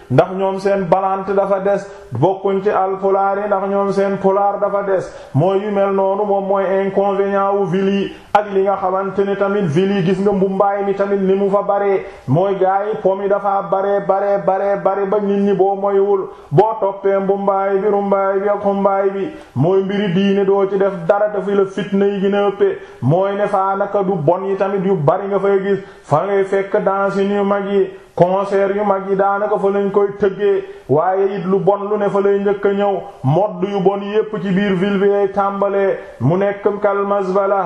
ndax ñoom seen balante dafa des bokkuñ ci alpulaar ndax ñoom seen pulaar dafa des mooy yu mel noonu moom mooy inconvénient wu ville ak li nga xamante ne tamit ville yi gis nga mbumbaay mi tamit ni mu fa baree mooy gars yi pom yi dafa bare baree baree bare ba nit ñi boo moywul boo toppee mbumbaay bi rumbaay bi ak xumbaay bi mooy mbiri diine doo ci def dara te fi la fitna yi gën a ëppee mooy ne faa naka du bon yi tamit yu bari nga fay gis fa ngay fekk danse yu mag yi concert yu mag yi daanaka fa lañ koy tëggee waaye it lu bon lu ne fa lay njëkk a ñëw modd yu bon yépp ci biir ville bi ay tàmbalee mu nekk kalmasbala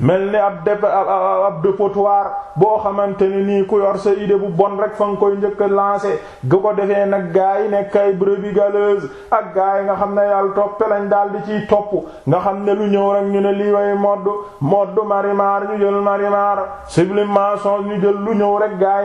mel ni ab dep ab dépotoir boo xamante ne nii ku yor sa idée bu bon rek fa nga koy njëkk a lancé ga ko defee nag gaa yi nekk ay brebis galeuses ak gaa yi nga xam ne yàlla toppe lañ daal di ciy topp nga xam ne lu ñëw rek ñu ne lii way modd modd marimar ñu jël marimar sublimation ñu jël lu ñëw rek gaa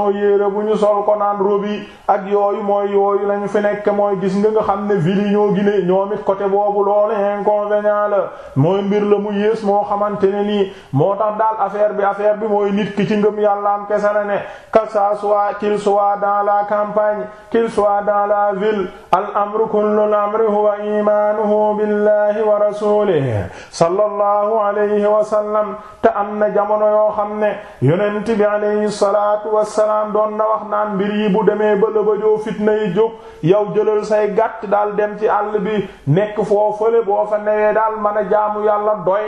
façon yéere bu ñu sol ko naan robi ak yooyu mooy yooyu lañu fi nekk mooy gis nga nga xam ne ville yi ñoo gine ñoom it côté boobu loolu inconvénient la mooy mbir la mu yées moo xamante ne nii moo tax daal affaire bi affaire bi mooy nit ki ci ngëm yàlla am kese la ne que ça soit qu'il soit dans la campagne qu'il la ville al amru kullu amri huwa imanuhu billahi wa rasulihi sallallahu alayhi wa te am na jamono yoo xam ne yonent bi alayhi salatu wassalam salaam doon na wax naan mbir yi bu demee ba lëbëjoo fitna yi jóg yow jëlal say gàtt daal dem ci àll bi nekk foo fële boo fa newee daal mën a jaamu yàlla doy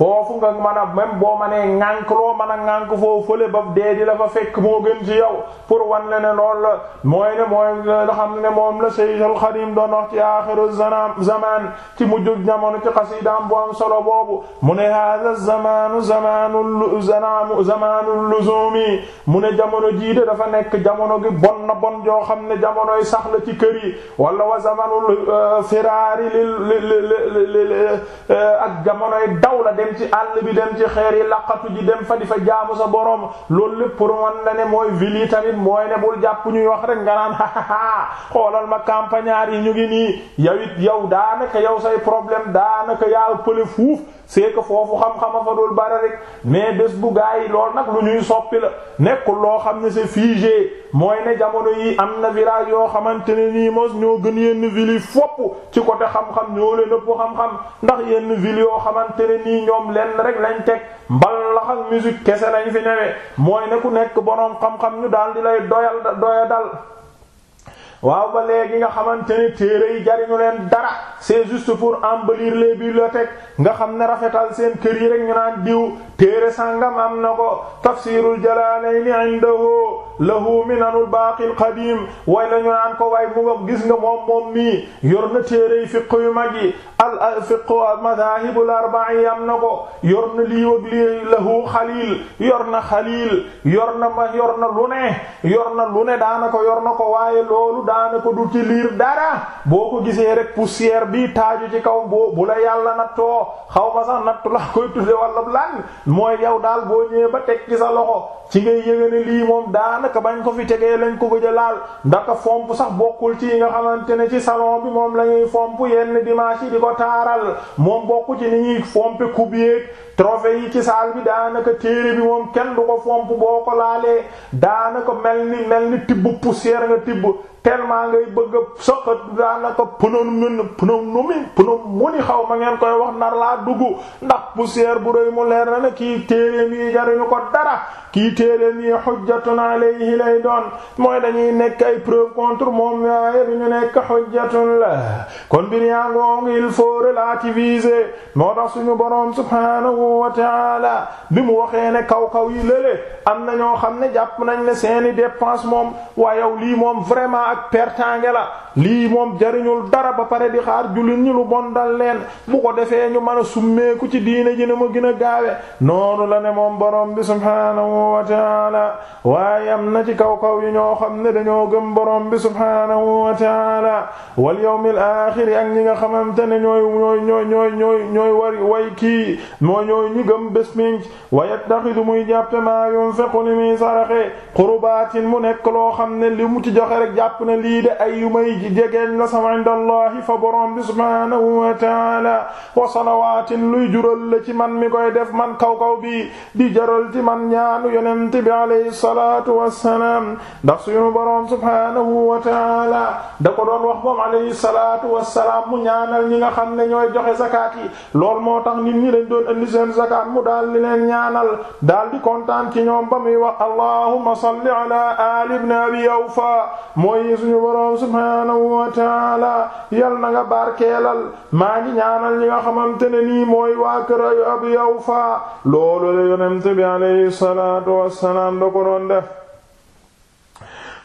foofu nga mën a même boo mënee ŋànk loo mën a la fa fekk moo gën ci yow pour wan le ne lool la mooy ne mooy xam ne moom la Sayyidul Xadim doon wax ci aaxiru zamaan ci mujjug jamono ci xasiidaam bu am solo boobu mu ne haaza zamaanu zamaanu zamaanu luzumi mu ne jamono koy jiite dafa nekk jamono gi bon na bon joo xam ne jamonoy sax la ci kër yi wala wa zamanul euh, firaari lil euh, ak jamonoy daw la dem ci àll bi dem ci xeer yi laqatu ji dem fa di fa jaamu sa borom loolu lépp pour wan la ne mooy ville yi tamit mooy ne bul jàpp ñuy wax rek nga naan [laughs] xoolal ma campagnard yi ñu ngi nii yow it yow daanaka yow say problème daanaka yaa pële fuuf c'est foofu xam-xama fa dul bari rek mais bés bu gaa yi loolu nag lu ñuy soppi la xam na c'est figé mooy ne jamono yii am na village yoo xamante ne nii mos ñoo gën yenn ville yi ci côté xam-xam ñoo leen ëpp xam-xam ndax yenn ville yoo xamante ne nii ñoom lenn rek lañ teg mbal ak musique kese lañ fi newee mooy ne ku nekk boroom xam-xam ñu daal di lay doyal doya dal waaw ba léegi nga xamante ni téere yi jariñu leen dara c'est juste pour embellir les bibliothèques nga xam ne rafetal seen kër yi rek ñu naan diw téere sàngam am na ko tafsirul jalalayni indahu lahu minanul baaqil qadim way la ñu naan ko way mu gis nga moom moom mii yor na téere yi fiqh yu mag yi al fiqh al madahibul arba'a yi am na ko yor na lii wag lii lahu yor na xalil yor na ma yor na lu ne yor na lu ne daanaka yor na ko waaye loolu daanaka du ci liir dara boo ko gisee rek poussière bi taaju ci kaw boo bu la yàlla nattoo xaw ma sax nattu laa koy tudde walla lan mooy yow daal boo ñëwee ba teg ci sa loxo ci ngay yëgane lii moom daanaka bañ ko fi tegee lañ ko gëj a laal ndaka fomp sax bokkul ci nga xamante ne ci salon bi moom la ñuy fomp yenn dimanche di ko taaral moom bokku ci ni fompe coupe yeeg trophée yi ci saal bi daanaka téere bi moom kenn du ko fomp boo ko laalee daanaka mel ni mel ni tibb poussière nga tellement ngay bëgg a soqat daanaka pënoon mun pënoon nu mi pënoon mu ni xaw ma ngeen koy wax nar laa dugg ndax poussière bu rëy mu leer na ne kii téereem yi jariñu ko dara kii téereem yi xujjatun alayhi lay doon mooy dañuy nekk ay preuve contre moom waaye du ñu nekk xujjatun la kon bir yaa ngoong il faut relativiser moo tax suñu boroom subhanahu wa taala bi mu waxee ne kaw kaw yi lële am na ñoo xam ne jàpp nañ ne seeni dépense moom waaye yow lii moom vraiment ak pertange la lii moom jariñul dara ba pare di xaar jullit ñi lu bon dal leen bu ko defee ñu mën a summeeku ci diine ji ne ma gën a gaawe noonu la ne moom borom bi subhaanahu wa taala waaye am na ci kaw kaw yi ñoo xam ne dañoo gëm borom bi subhaanahu wa taala wal yawmil aaxir ak ñi nga xamante ne ñooy ñooy ñooy ñooy ñooy ñooy war way kii mooy ñooy ñu gëm bés minc wa yattaxidu muy jàppe maa yunfiqu li muy saraxe qurbaatin mu nekk loo xam ne li mu ci lii de ay yu may jegeen la sama indallahi fa borom luy jural la ci man mi koy def man kaw kaw bi di jaral ci man ñaanu yonent bi alayhi salaatu wassalaam ndax suñu borom subhanahu wa taala da ko doon wax moom alayhi salaatu wassalaam mu ñaanal ñi nga xam ne ñooy joxe zakat yi lool moo tax nit ñi dañ doon indi seen zakat mu daal di leen ñaanal daal di kontaan ci ñoom ba muy wax allahumma salli ala ali ibn abi awfa mooy suñu boroom subhaanahu wa taala yal na nga barkeelal maa ñaanal ñi nga xamante ne nii mooy waa kër ab yow faa loolu la yonent bi alayhi salaatu wassalaam da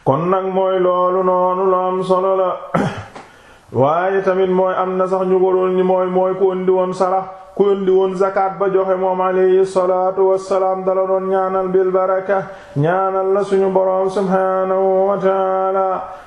kon nag mooy loolu noonu lu am solo la [coughs] waaye tamit mooy am na sax ñu ko doon ñi mooy mooy ko indi woon sarax ku indi woon zakat ba joxe moom alayhi salaatu wassalaam dala doon ñaanal bil baraka ñaanal la suñu borom subhaanahu wa taala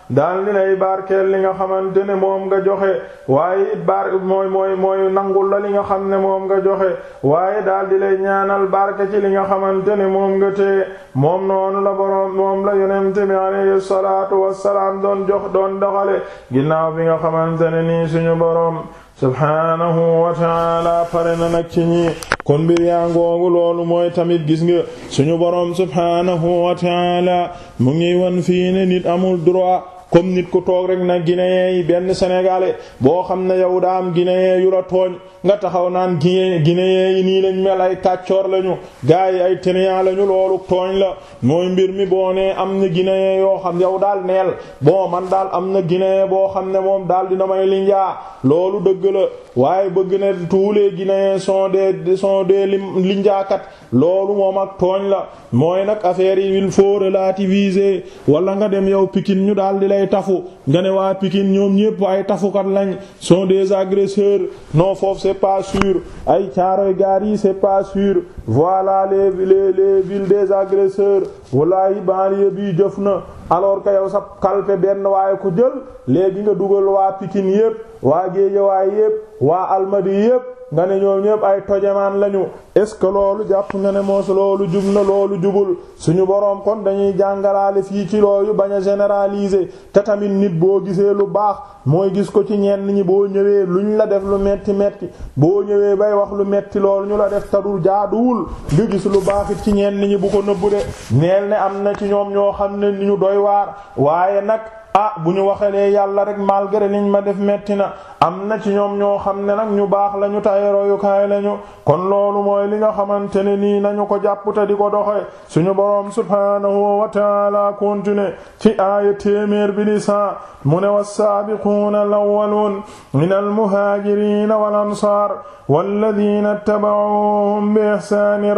daal di lay barkeel li nga xamante ne moom nga joxe waaye it mooy mooy mooy nangul la li nga xam ne moom nga joxe waaye daal di lay ñaanal barke ci li nga xamante ne moom nga tee moom noonu la boroom moom la yonent bi alayhi salaatu wassalaam doon jox doon doxale ginnaaw bi nga xamante ne nii suñu boroom subhaanahu wa taala pare na nag ñi kon mbir yaa ngoogu loolu mooy tamit gis nga suñu boroom subhaanahu wa taala mu ngi fii ne nit amul droit comme nit ku toog rek na guinéen yi benn sénégalais boo xam ne yow daa am guinéen yu tooñ nga taxaw naan guinéen guinéen yi nii lañu mel ay kàccoor lañu gars yi ay trian lañu loolu tooñ la mooy mbir mi boo nee am na guinéen yoo xam yow daal neel bon man daal am na guinéen boo xam ne moom daal dina may linjaa loolu dëgg la waaye bëgg na tous les guinéens sont des sont des linjaakat loolu moom ak tooñ la mooy nag affaire yi il faut relativiser wala nga dem yow Pikine ñu daal di lay ay tafu nga ne waa Pikine ñoom ñépp ay tafukat lañ sont des agresseurs non foofu c'est pas sûr ay caaroy gaar yi c'est pas sur voilà les les les ville des agresseurs wala yi bi jëf na alors que yow sa kalpe benn waaye ko jël léegi nga dugal waa Pikine yépp waa Guédiawaye yépp waa Almadies yépp nga ne ñoom ñëpp ay tojamaan lañu est ce que loolu jàpp nga ne moos loolu jub na loolu jubul suñu boroom kon dañuy jàngalaale fii ci looyu bañ a généraliser te tamit nit boo gisee lu baax mooy gis ko ci ñenn ñi boo ñëwee lu luñ la def lu metti metti boo ñëwee bay wax lu metti loolu ñu la def tadul jaaduwul nga gis lu baax ci ñenn ñi bu ko nëbbu de neel ne am na ci ñoom ñoo xam ne ni ñu doy waar waaye nag ah bu ñu waxalee yàlla rek malgré liñ ma def metti na am na ci ñoom ñoo xam ne nag ñu baax la ñu tay royukaay lañu kon loolu mooy li nga xamante ne ni nañu ko jàpp te di ko doxe suñu boroom subhaanahu wa taala continuer ci aaya téeméer bi di cent mu ne wassaabiquuna alawwaluun min almuhaajiriina wal ansaar walladina tabauhum bi ihsaanin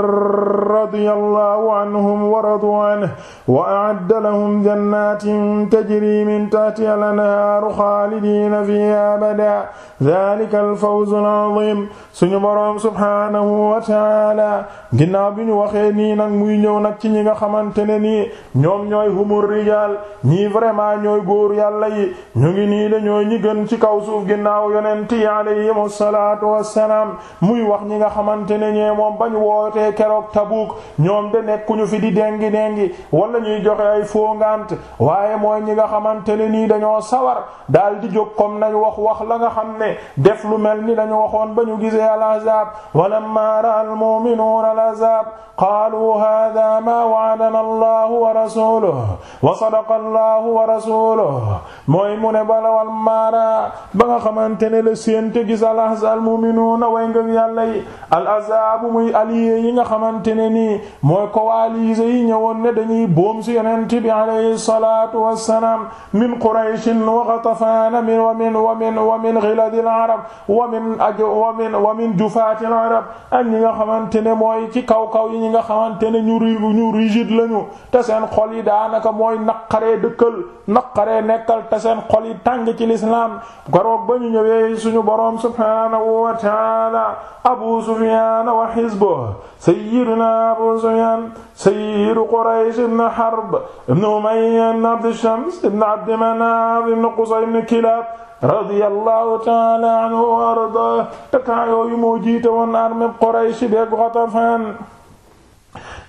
radiyallahu anhum wa radu anhu wa a'adda lahum jannatin tajri min tahtiha al-anhaaru xaalidiina fiihaa abadan ilayha dhalika al-fawzu al-azim suñu boroom subhanahu wa taala ginnaaw bi ñu waxee nii nag muy ñëw nag ci ñi nga xamante ne nii ñoom ñooy humur rijal ñii vraiment ñooy góor yàlla yi ñu ngi nii de ñooy ñi gën ci kaw suuf ginnaaw yonent yi alayhimu salaatu wassalaam muy wax ñi nga xamante ne ñee moom bañ wootee keroog Tabuk ñoom de nekkuñu fi di dengi dengi wala ñuy joxe ay fongant waaye mooy ñi nga xamante nii dañoo sawar daal di jóg comme nañ wax wax la nga xam ne def lu mel ni dañu waxoon ba ñu gisee al azab walamma ra al mu'minuuna al azab qaalu hada ma wa'adana allahu wa rasuluhu wa sadaqa allahu wa rasuluhu mooy mu ne bala walamma ra ba nga xamante ne le séente gis al azab al mu'minuuna way ngëm yàlla yi al azab muy allié yi nga xamante ne nii mooy coalisés yi ñëwoon ne dañuy boom ci yonent bi alayhi salatu wassalaam min qurayshin wa ghatafaan min wa min wa min min xiladil arab wa min aj wa min wa min jufaatil arab ak ñi nga xamante ne mooy ci kaw-kaw yi ñi nga xamante ne ñu ñu rigide lañu te seen xol yi daanaka mooy naqaree dëkkal naqaree nekkal te seen xol yi tàng ci lislaam garoog ba ñu ñëwee suñu boroom subhaanahu wa taala abu sufyaan wa xisbu sayyidina abu sufyaan sayyidu quraysh ibn harb ibn umayya ibn abd shams ibn abd manaf ibn qusay ibn kilab radiyallahu ta'ala anhu wa arda te temps yooyu moo jiite woon armée Quraysh bi ak Ghatafan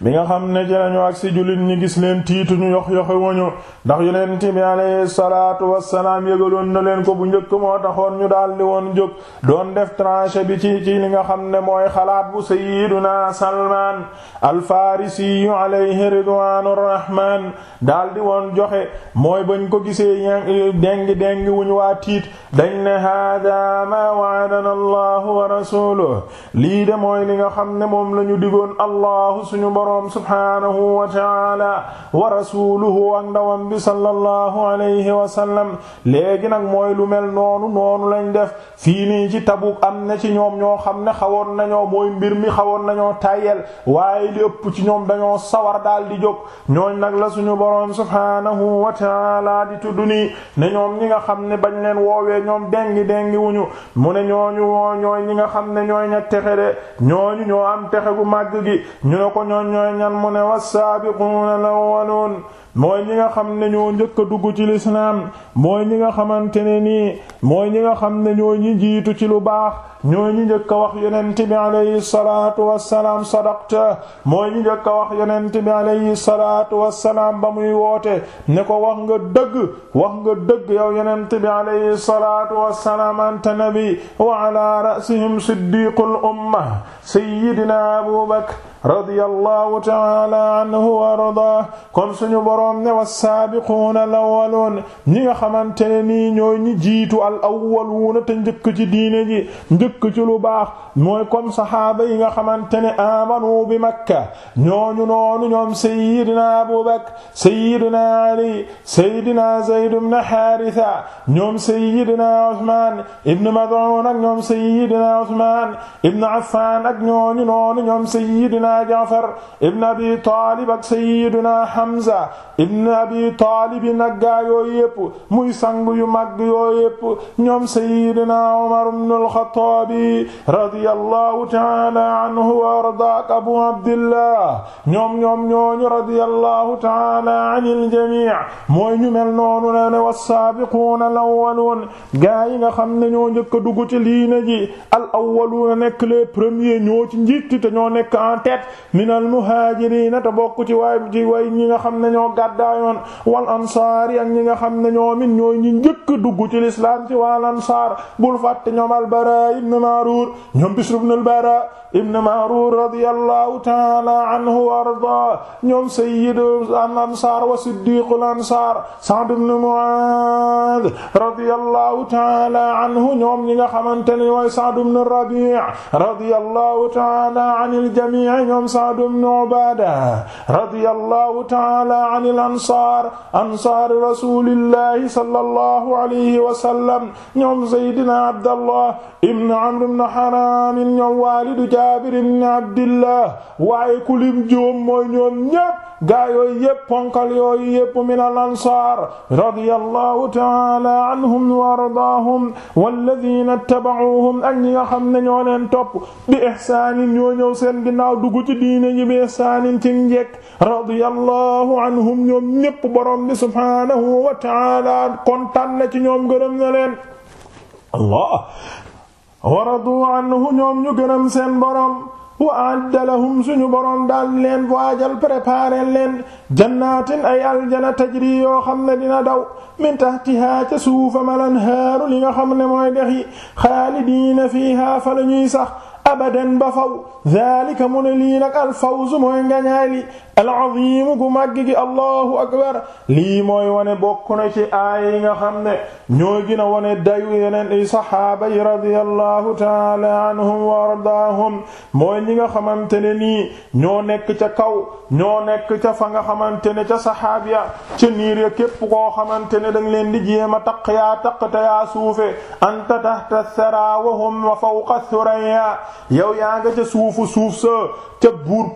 bi nga xam ne ci lañu ak si jullit ñi gis leen tiitu ñu yox yoxe wuñu ndax yonent bi alayhi salaatu wassalaam yëgaloon na leen ko bu njëkk moo taxoon ñu daldi woon jóg doon def tranché bi ci ci li nga xam ne mooy xalaat bu sayyiduna salmaan alfarisi alayhi ridwaanu rahmaan daldi woon joxe mooy bañ ko gisee dengi dengi wuñu waa tiit dañ ne hada ma wa'adana allahu wa rasuluhu lii de mooy li nga xam ne moom lañu digoon allahu suñu boroom subhaanahu wa ta'ala wa rasuluhu ak ndawam bi sallallahu alayhi wa sallam léegi nag mooy lu mel noonu noonu lañ def fii nii ci Tabuk am na ci ñoom ñoo xam ne xawoon nañoo mooy mbir mi xawoon nañoo tàyyel waaye li ëpp ci ñoom dañoo sawar daal di jóg ñooñ nag la suñu boroom subhaanahu wa ta'ala di tudd nii ne ñoom ñi nga xam ne bañ leen woowee ñoom dengi dengi wuñu mu ne ñooñu woo ñi nga xam ne ñooy texe de ñooñu ñoo am texe gu màgg gi ko ñooñ ñooy ñan mu ne wassaabiquuna al awwaluun mooy ñi nga xam ne ñoo njëkk a dugg ci lislaam mooy ñi nga xamante ne nii mooy ñi nga xam ne ñoo ñi jiitu ci lu baax ñooy ñi njëkk a wax yonent bi alayhi salaatu wassalaam sadaqta mooy ñi njëkk a wax yonent bi alayhi salaatu wassalaam ba muy woote ne ko wax nga dëgg wax nga dëgg yow yonent bi alayhi salaatu wassalaam anta nabi wa ala ra'sihim siddiqul umma sayyidina Abu Bakr radiyallahu ta'ala boroom ne wassaabiquuna alawwaluun ñi nga xamante ne nii ñooy ñi al awwaluuna te njëkk ci diine ji njëkk ci lu baax mooy comme saxaaba yi nga xamante ne amanu bi makka ñooñu noonu ñoom sayyidina abu bakr ali sayyidina zayd ibn haritha ñoom sayyidina usman ibn mad'un ak ñoom sayyidina usman ibn affan noonu ñoom sayyidina ja'far ibn abi talib ak sayyidina hamza ibn abi taalib nag gaa yooyu yépp muy sang yu mag yooyu yépp ñoom sayyidina umar ibn al-khattab radiyallahu ta'ala anhu wa ardaak abu abdillah ñoom ñoom ñooñu radiyallahu ta'ala anil jamii mooy ñu mel noonu la ne was-saabiquuna al-awwaluun gaa yi nga xam ne ñoo njëkk a dugg ci liina ji al-awwaluuna nekk les premiers ñoo ci njiitti te ñoo nekk en tête min al-muhaajiriina te bokk ci waay ji way ñi nga xam ne ñoo gàddaayoon wal ansaar ak ñi nga xam ne ñoom it ñooy ñi njëkk dugg ci lislaam ci wal ansaar bul fàtte ñoom al bara ibn marur ñoom bisr ibn al bara ibn marur radiyallahu ta'ala anhu wa arda ñoom sayyidu al ansaar wa siddiqul ansaar sa'd ibn mu'adh radiyallahu ta'ala anhu ñoom ñi nga xamante ne mooy sa'd ibn rabi' radiyallahu ta'ala anil jami' ñoom sa'd ibn ubada radiyallahu ta'ala al ansaar ansaar rasulillahi sallallahu alayhi wa sallam ñoom Seydina Abdallah ibn Amr ibn Haram ñoom waalidu Jaabir ibn Abdillah waaye kulim juum mooy ñoom ñépp gaa yooyu yépp ponkal yooyu yépp min al ansaar radiyallahu taala anhum wa ardaahum walladina taba'uuhum ak ñi nga xam ne ñoo leen topp bi ihsaanin ñoo ñëw seen ginnaaw dugg ci diine ji bi ihsaanin ci njekk radiyallahu anhum ñoom ñépp borom bi subhaanahu wa taala kontaan na ci ñoom gërëm na leen allah wa radu anhu ñoom ñu gërëm seen borom wa a'adda lahum suñu boroom dal leen waajal préparer leen jannatin ay aljana tajri yoo xam ne dina daw min tahtiha ca suufam al anhaaru li nga xam ne mooy dex yi xaalidiina fiiha fa la ñuy sax abadan ba faw daalika mu ne lii nag al fawzu mooy ngañaay li al-aziim gu màgg gi allahu akbar lii mooy wane bokk na ci aaya yi nga xam ne ñoo gën wane dayu yeneen i saxaaba yi radiyallahu taala anhum wa ardaahum mooy ñi nga xamante ne nii ñoo nekk ca kaw ñoo nekk ca fa nga xamante ne ca saxaab ya ca niir ya képp koo xamante ne danga leen di jéem a taq yaa taq te suufe anta tahta thara wa hum wa fawqa thuraya yow yaa ca suufu suuf sa ca buur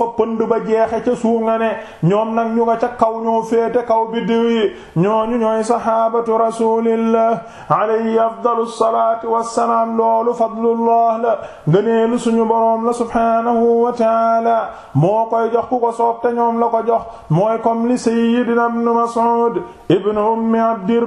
fa pënd ba jeexe ca suuf nga ne ñoom nag ñu nga ca kaw ñoo féete kaw biddiw yi ñooñu ñooy sahabatu rasulillah alayhi afdalu salaati wassalaam loolu fadlullah la gëneelu suñu boroom la subhanahu wa taala moo koy jox ku ko soob te ñoom la ko jox mooy comme li sayyidina ibn mas'ud ibn ummi abdir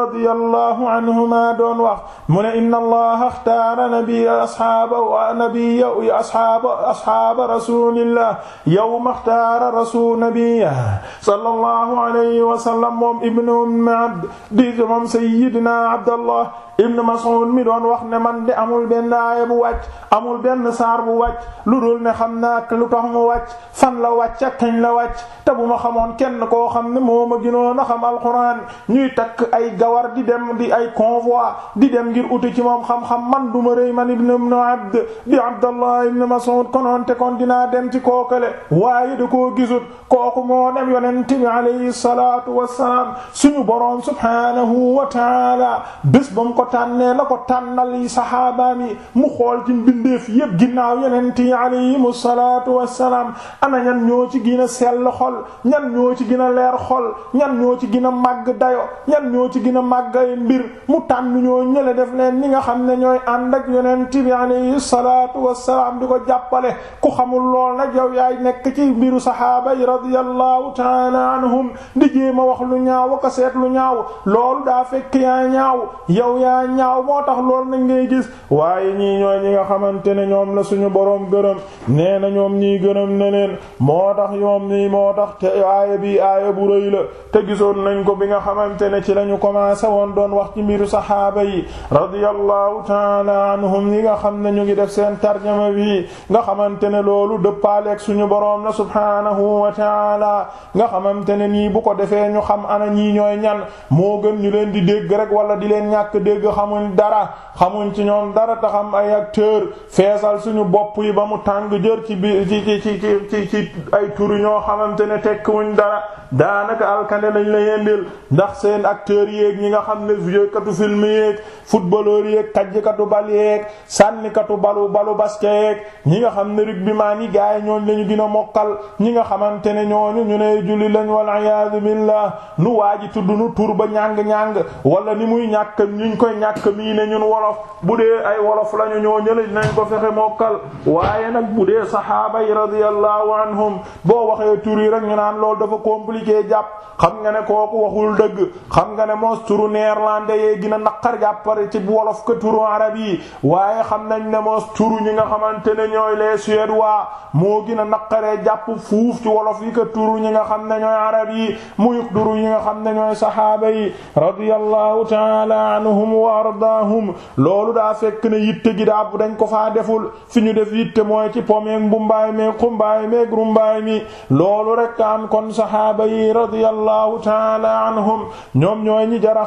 radiyallahu anhuma doon wax mu ne inna allaha ikhtara nabiyya ashaaba wa nabiyya ashaaba ashaaba rasulillah yawma xtaara rasul sallallahu alayhi wa moom ibnu ummi abd di moom sayyidina abdallah ibnu mas'ud mi doon wax ne man di amul benn aaya bu wàcc amul benn saar bu wàcc lu dul ne xam naa ak lu tax mu fan la wàcc ak kañ la wàcc te bu ma xamoon kenn koo xam ne moo ma gënoon a xam alxuraan ñuy takk ay gawar di dem di ay convoi di dem ngir uti ci moom xam-xam man du ma rëy man ibnu umm abd di abdallah ibnu mas'ud konoon te kon dinaa dem ci kookale waaye da koo gisut kooku moo dem yonent bi alayhi salaatu wassalaam suñu boroom subhaanahu wa taala bés ba mu ko tànnee la ko tànnal yi saxaabaam yi mu xool ci mbindeef yépp ginnaaw yonent yi alayhimu salaatu wassalaam ana ñan ñoo ci gën a sell xol ñan ñoo ci gën a leer xol ñan ñoo ci gën a màgg dayo ñan ñoo ci gën a màgg ay mbir mu tànn ñoo ñële def leen ñi nga xam ne ñooy ànd ak yonent bi alayhi salaatu wassalaam di ko jàppale ku xamul lool nag yow yaay nekk nekk ci mbiru saxaaba yi radiyallahu taala anhum di jéem a wax lu ñaaw ak seet lu ñaaw loolu daa fekk yaa ñaaw yow yaa ñaaw moo tax loolu na ngay gis waaye ñii ñooy ñi nga xamante ne ñoom la suñu boroom gërëm nee na ñoom ñii gërëm na leen moo tax ñoom ñii moo tax te aaya bi aaya bu rëy te gisoon nañ ko bi nga xamante ne ci lañu commencé woon doon wax ci mbiru saxaaba yi radiyallahu taala anhum ñi nga xam ne ñu ngi def seen tarjama bi nga xamante ne boroom la subhaanahu nga xamante ne nii bu ko defee ñu xam ana ñii ñooy ñan moo gën ñu leen di dégg rek wala di leen ñàkk dégg xamuñ dara xamuñ ci ñoom dara ta xam ay acteur feesal suñu bopp yi ba mu tàng jër ci bi ci ci ci ci ay turi ñoo xamante ne tekkiwuñ dara daanaka alkande lañ la yendil ndax seen acteur yéeg ñi nga xam ne viekatu film yéeg footballeur yéeg kajjkatu bal yéeg sànnikatu balu balu basket ñi nga xam ne rugbyman yi gaay ñooñ lañu dina mokk mokkal a nga xamante ne ñooñu ñu ne julli lañ wal iyaadu billah nu waa ji tudd nu tur ba ñàng-ñàng wala ni muy ñàkk ñu koy ñàkk mii ne ñun wolof bu dee ay wolof lañu ñoo ñële nañ ko fexe mokkal waaye nag bu dee sahaaba yi radiyallahu anhum boo waxee tur yi rek ñu naan loolu dafa compliqué jàpp xam nga a ko waxul dëgg xam nga ne moos turu néerlandais yee gina naqar jàppare ci wolof ko turu arab yi waaye xam nañ ne moos turu ñi nga xamante ne ñooy les suédois moo gina naqaree waaye jàpp fuuf ci wolof yi ko turu ñi nga xam na ñooy arab yi muy duru ñi nga xam ne ñooy saxaaba yi radiyallahu taala anhum wa ardaahum loolu daa fekk ne yitte gi dañ ko faa deful fi ñu def yitte mooy ci pomeeg mbumbaay meeg xumbaay meeg rumbaay mi loolu rek an kon saxaaba yi radiyallahu taala anhum ñoom ñooy ñi jara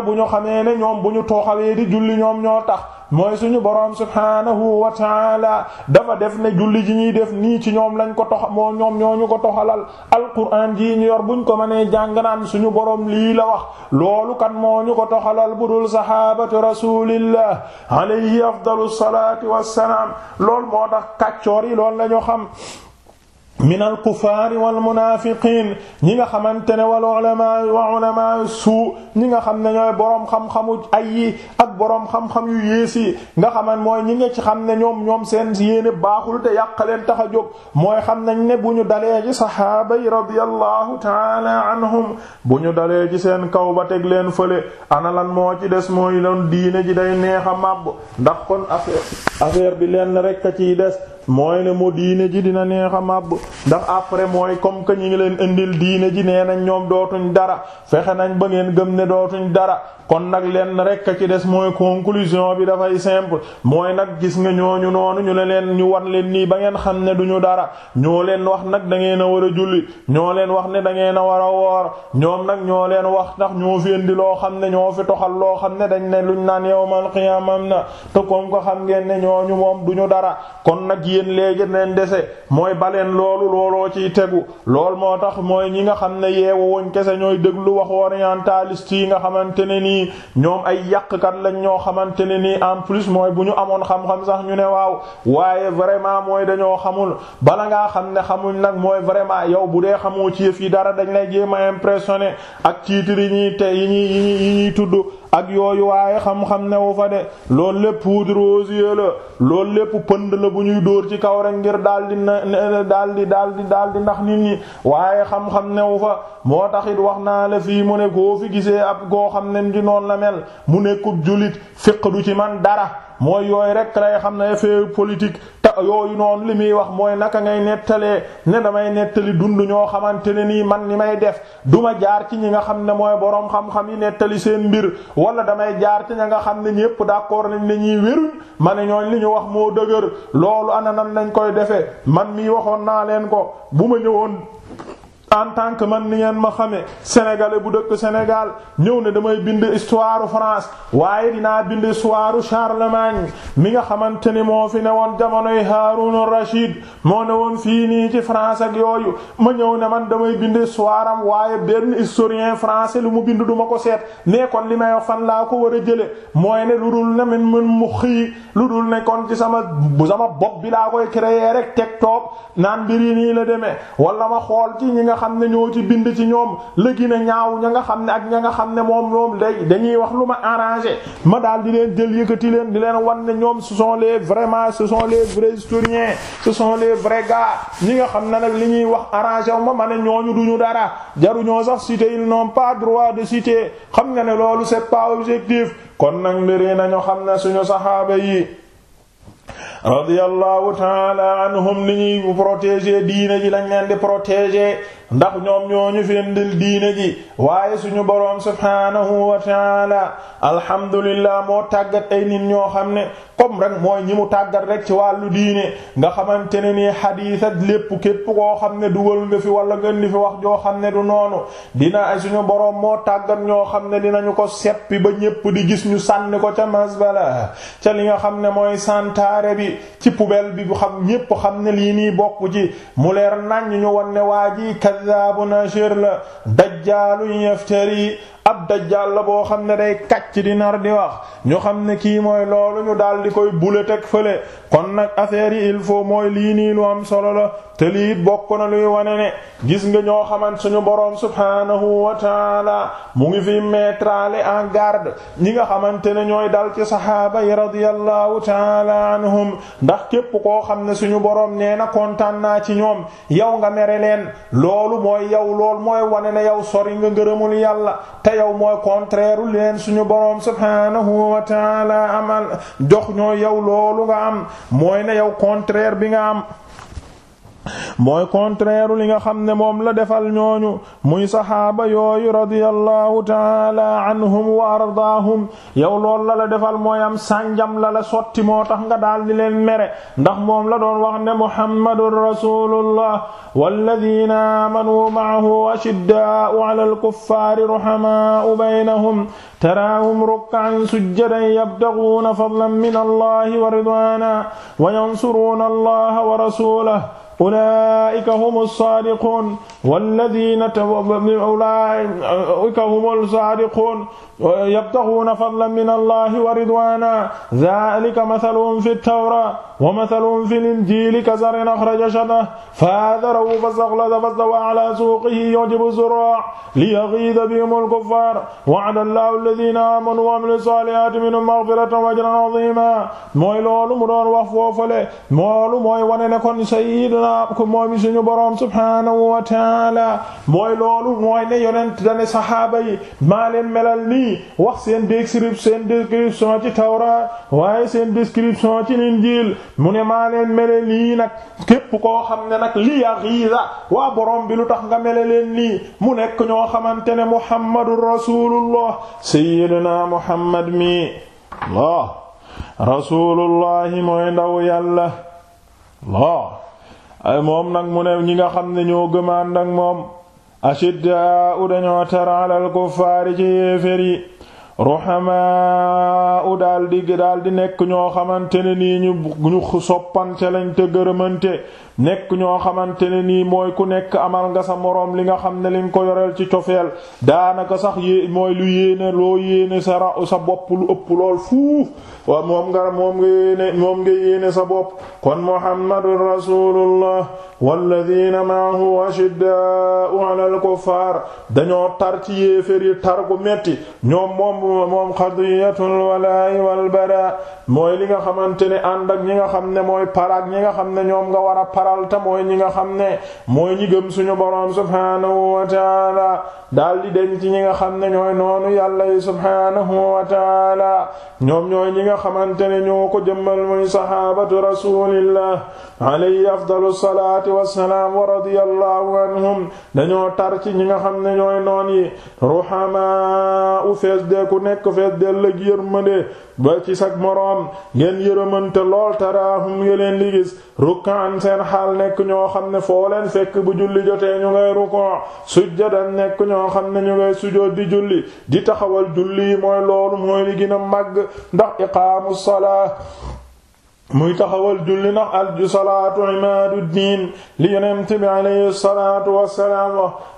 te bu ñu xamee ne ñoom bu ñu tooxawee di julli ñoom ñoo tax mooy suñu boroom subhanahu wa taala dafa def ne julli ji ñuy def nii ci ñoom lañ ko tox moo ñoom ñoo ñu ko toxalal alquran ji ñu yor buñ ko mënee jàng naan suñu boroom lii la wax loolu kan moo ñu ko toxalal budul sahabatu rasulillah alayhi afdalu salaatu wassalaam loolu moo tax kàccoor yi lool la ñu xam min alkufaari walmunafiqin ñi nga xamante ne wal ulama wa ulama suu ñi nga xam ne ñooy boroom xam-xamu ay yi ak boroom xam-xam yu yées yi nga xaman mooy ñi nga ci xam ne ñoom ñoom seen yéene baaxul te yàq leen tax a jóg mooy xam nañ ne bu ñu dalee ci sahaaba yi radiyallahu taala anhum bu ñu dalee ci seen kaw ba teg leen fële ana lan moo ci des mooy loon diine ji day neex a màbb ndax kon affaire bi leen rekk ciy des mooy ne mu diine ji dina neex a màbb ndax après mooy comme que ñi ngi leen indil diine ji nee nañ ñoom dootuñ dara fexe nañ ba ngeen gëm ne dootuñ dara kon nag leen rekk ci des mooy conclusion bi dafay simple mooy nag gis nga ñooñu noonu ñu ne leen ñu wan leen nii ba ngeen xam ne duñu dara ñoo leen wax nag da ngeen a war a ñoo leen wax ne da ngeen a war woor ñoom nag ñoo leen wax ndax ñoo fi indi loo xam ne ñoo fi toxal loo xam ne dañ ne luñ naan yawmal qiyaamam na te kon ko xam ngeen ne ñooñu moom duñu dara yéen léegi leen dese mooy baleen loolu looloo ciy tegu lool moo tax mooy ñi nga xam ne yeewu woon kese ñooy lu wax orientaliste yi nga xamante ne nii ñoom ay yàqkat lañ ñoo xamante ne nii en plus mooy bu ñu amoon xam-xam sax ñu ne waaw waaye vraiment mooy dañoo xamul bala ngaa xam ne xamuñ nag mooy vraiment yow bu dee xamoo ci yëf yi dara dañ lay jéem a impressionné ak titre yi ñuy te yi yi ñuy tudd ak yooyu waaye xam-xam newu fa de loolu lépp poudre aux la loolu lépp pënd la bu ñuy dóor ci kaw rek ngir daal di na daal di daal di daal ndax nit ñi waaye xam-xam newu fa moo tax it wax naa la fii mu ne koo fi gisee ab goo xam ne di noonu la mel mu nekkub jullit fiq du ci man dara mooy yooyu rek lay xam na affaire politique te yooyu noonu li muy wax mooy naka ngay nettalee ne damay nettali dund ñoo xamante ne nii man ni may def du ma jaar ci ñi nga xam ne mooy boroom xam-xam yi nettali seen mbir wala damay jaar ci ña nga xam ne ñépp d'accord nañ ne ñuy wéruñ man ne ñooñ li ñu wax moo dëgër loolu ana nan lañ koy defee man mii waxoon naa leen ko bu ma ñëwoon en tant que man ni ngeen ma xamee sénégalais bu dëkk Sénégal ñëw ne damay bind histoire France waaye dinaa bind histoire Charlemagne mi nga xamante ni moo fi ne woon jamonoy Haaruna Rashid moo ne woon fii nii ci France ak yooyu ma ñëw ne man damay bind histoire am waaye benn historien français lu mu bind duma ko seet ne kon li may fan laa ko war a jële mooy ne lu dul ne man man mu xii lu dul ne kon ci sama bu sama bopp bi laa koy créer rek teg toog naan xam ne ñoo ci bind ci ñoom la gën ñaaw ña nga xam ne ak ña nga xam ne moom moom day dañuy wax lu ma arrangé ma daal di leen jël yëkkati leen di leen wan ne ñoom ce sont les vraiment ce sont les vrais historiens ce sont les vrais gars ñi nga xam na nag li ñuy wax arrangé wu ma ma ne ñooñu duñu dara jaruñoo sax citer ils n'ont pas droit de citer xam nga ne loolu c'est pas objectif kon nag mbiri nañu xam ne suñu saxaaba yi radiyallahu taala anhum ni ñuy protéger diine ji lañ leen di protéger ndax ñoom ñoo ñooñu fi ndil diine ji waaye suñu boroom subhaanahu wa taala alhamdulillah moo tàggat ay nit ñoo xam ne comme rek moo ñi mu tàggat rek ci wàllu diine nga xamante ne nii xadiis ak lépp képp koo xam ne du dugal nga fi wala nga indi fi wax joo xam ne du noonu dina ay suñu boroom moo tàggat ñoo xam ne dinañu ko seppi ba ñépp di gis ñu sànni ko ca masbala ca li nga xam ne mooy santaare ci poubelle bi bu xam ñépp xam ne lii nii bokk ci mu leer naññ ñu won ne waa ji na ashir la dajjaalun yaftari ab dajjaal la boo xam ne day kàcc di nar di wax ñu xam ne kii mooy loolu ñu daal di koy bule teg fële kon nag affaire yi il faut mooy lii nii lu am solo la te lii bokk na luy wane ne gis nga ñoo xamante suñu boroom subhanahu wa taala mu ngi fi mettre en garde ñi nga xamante ne ñooy dal ci saxaaba yi radiyallahu taala anhum ndax képp koo xam ne suñu boroom nee na kontaan naa ci ñoom yow nga mere leen loolu mooy yow lool mooy wane na yow sori nga ngërëmul yàlla te yow mooy contraire leen suñu boroom subhanahu wa taala amal jox ñoo yow loolu nga am mooy ne yow contraire bi nga am mooy contraire li nga xam ne moom la defal ñooñu muy saxaaba yooyu radiyallahu taala anhum wa ardaahum yow lool la la defal mooy am sànjam la la sotti moo tax nga daal di leen mere ndax moom la doon wax ne muhammadur rasulullah walladina amanu maahu ashiddaa'u ala alkuffaari ruhamaa'u baynahum taraahum ruk'an sujjadan yabtaghuuna fadlan min allahi wa ridwaana wa yansuruuna allaha wa rasulahu ulaa'ika humu saadiquun walladiina ulaa'ika humu saadiquun yabtaxuuna fadlan min allahi wa ridwana dalika mathaluhum fi tawra wa mathaluhum fi linjili kazarin axraja shatahu faazarahu fastaxlaza fastawa ala suuqihi yu'jibu zurraa'a liyaghiiza bihimul kuffaar wa'ada allahu alladhiina aamanu wa amilu saalihaati minhum maghfiratan wa ajran 'aziiman mooy loolu mu doon wax foofale loolu mooy wane ne kon sayyidina ko moomi suñu boroom subhaanahu wa ta'aala mooy loolu mooy ne yonent dane sahaaba yi maa leen melal nii yi wax seen description description ci tawraat waaye seen description ci linjiil mu ne maa leen mele nii nag képp koo xam ne nag li yaxiiza waa boroom bi lu tax nga mele leen nii mu nekk ñoo xamante ne muhammadu rasulullah sayyidina muhammad mi Allah rasulullahi mooy ndaw yàlla Allah ay moom nag mu ne ñi nga xam ne ñoo gëmaan nag moom ashiddaa'u dañoo tar alal kuffaari ci yéefér yi ruhamaa'u daal di nekk ñoo xamante ne ni ñu ñu soppante lañ te gërëmante nekk ñoo xamante ne nii mooy ku nekk amal nga sa moroom li nga xam ne li nga ko yoreel ci cofeel daanaka sax yé mooy lu yéene loo yéene sa ra bopp lu ëpp lool fuuf wa moom nga moom nga yéene moom nga yéene sa bopp kon muhammadun rasulullah walladina maahu ashiddaa'u alal kuffaar dañoo tar ci yéefér yi tar gu metti ñoom moom moom xadiyatul walaa'i wal baraa mooy li nga xamante ne ànd ak ñi nga xam ne mooy paraak ñi nga xam ne ñoom nga war a leeral ta mooy nga xam ne mooy ñi gëm daal di dem ci ñi nga xam ne ñooy noonu yàlla yi subhaanahu wa taala ñoom ñooy ñi nga xamante ne ñoo ko jëmmal muy sahaabatu rasulillah alayhi afdalu salaati wassalaam wa radiyallahu anhum dañoo tar ci ñi nga xam ne ñooy noon yi ruhamaa u fees ku nekk fees del la ba ci sag moroom ngeen yërëmante lool taraahum nga leen di gis rukkaan seen xaal nekk ñoo xam ne foo leen fekk bu julli jotee ñu ngay rukoo sujjadan nekk ñoo xam ne ñu ngay sujood di julli di taxawal julli mooy loolu mooy li gën a màgg ndax iqaamu salaa muy taxawal julli ndax al salaatu imaadu diin li yonent bi alayhi salaatu wassalaam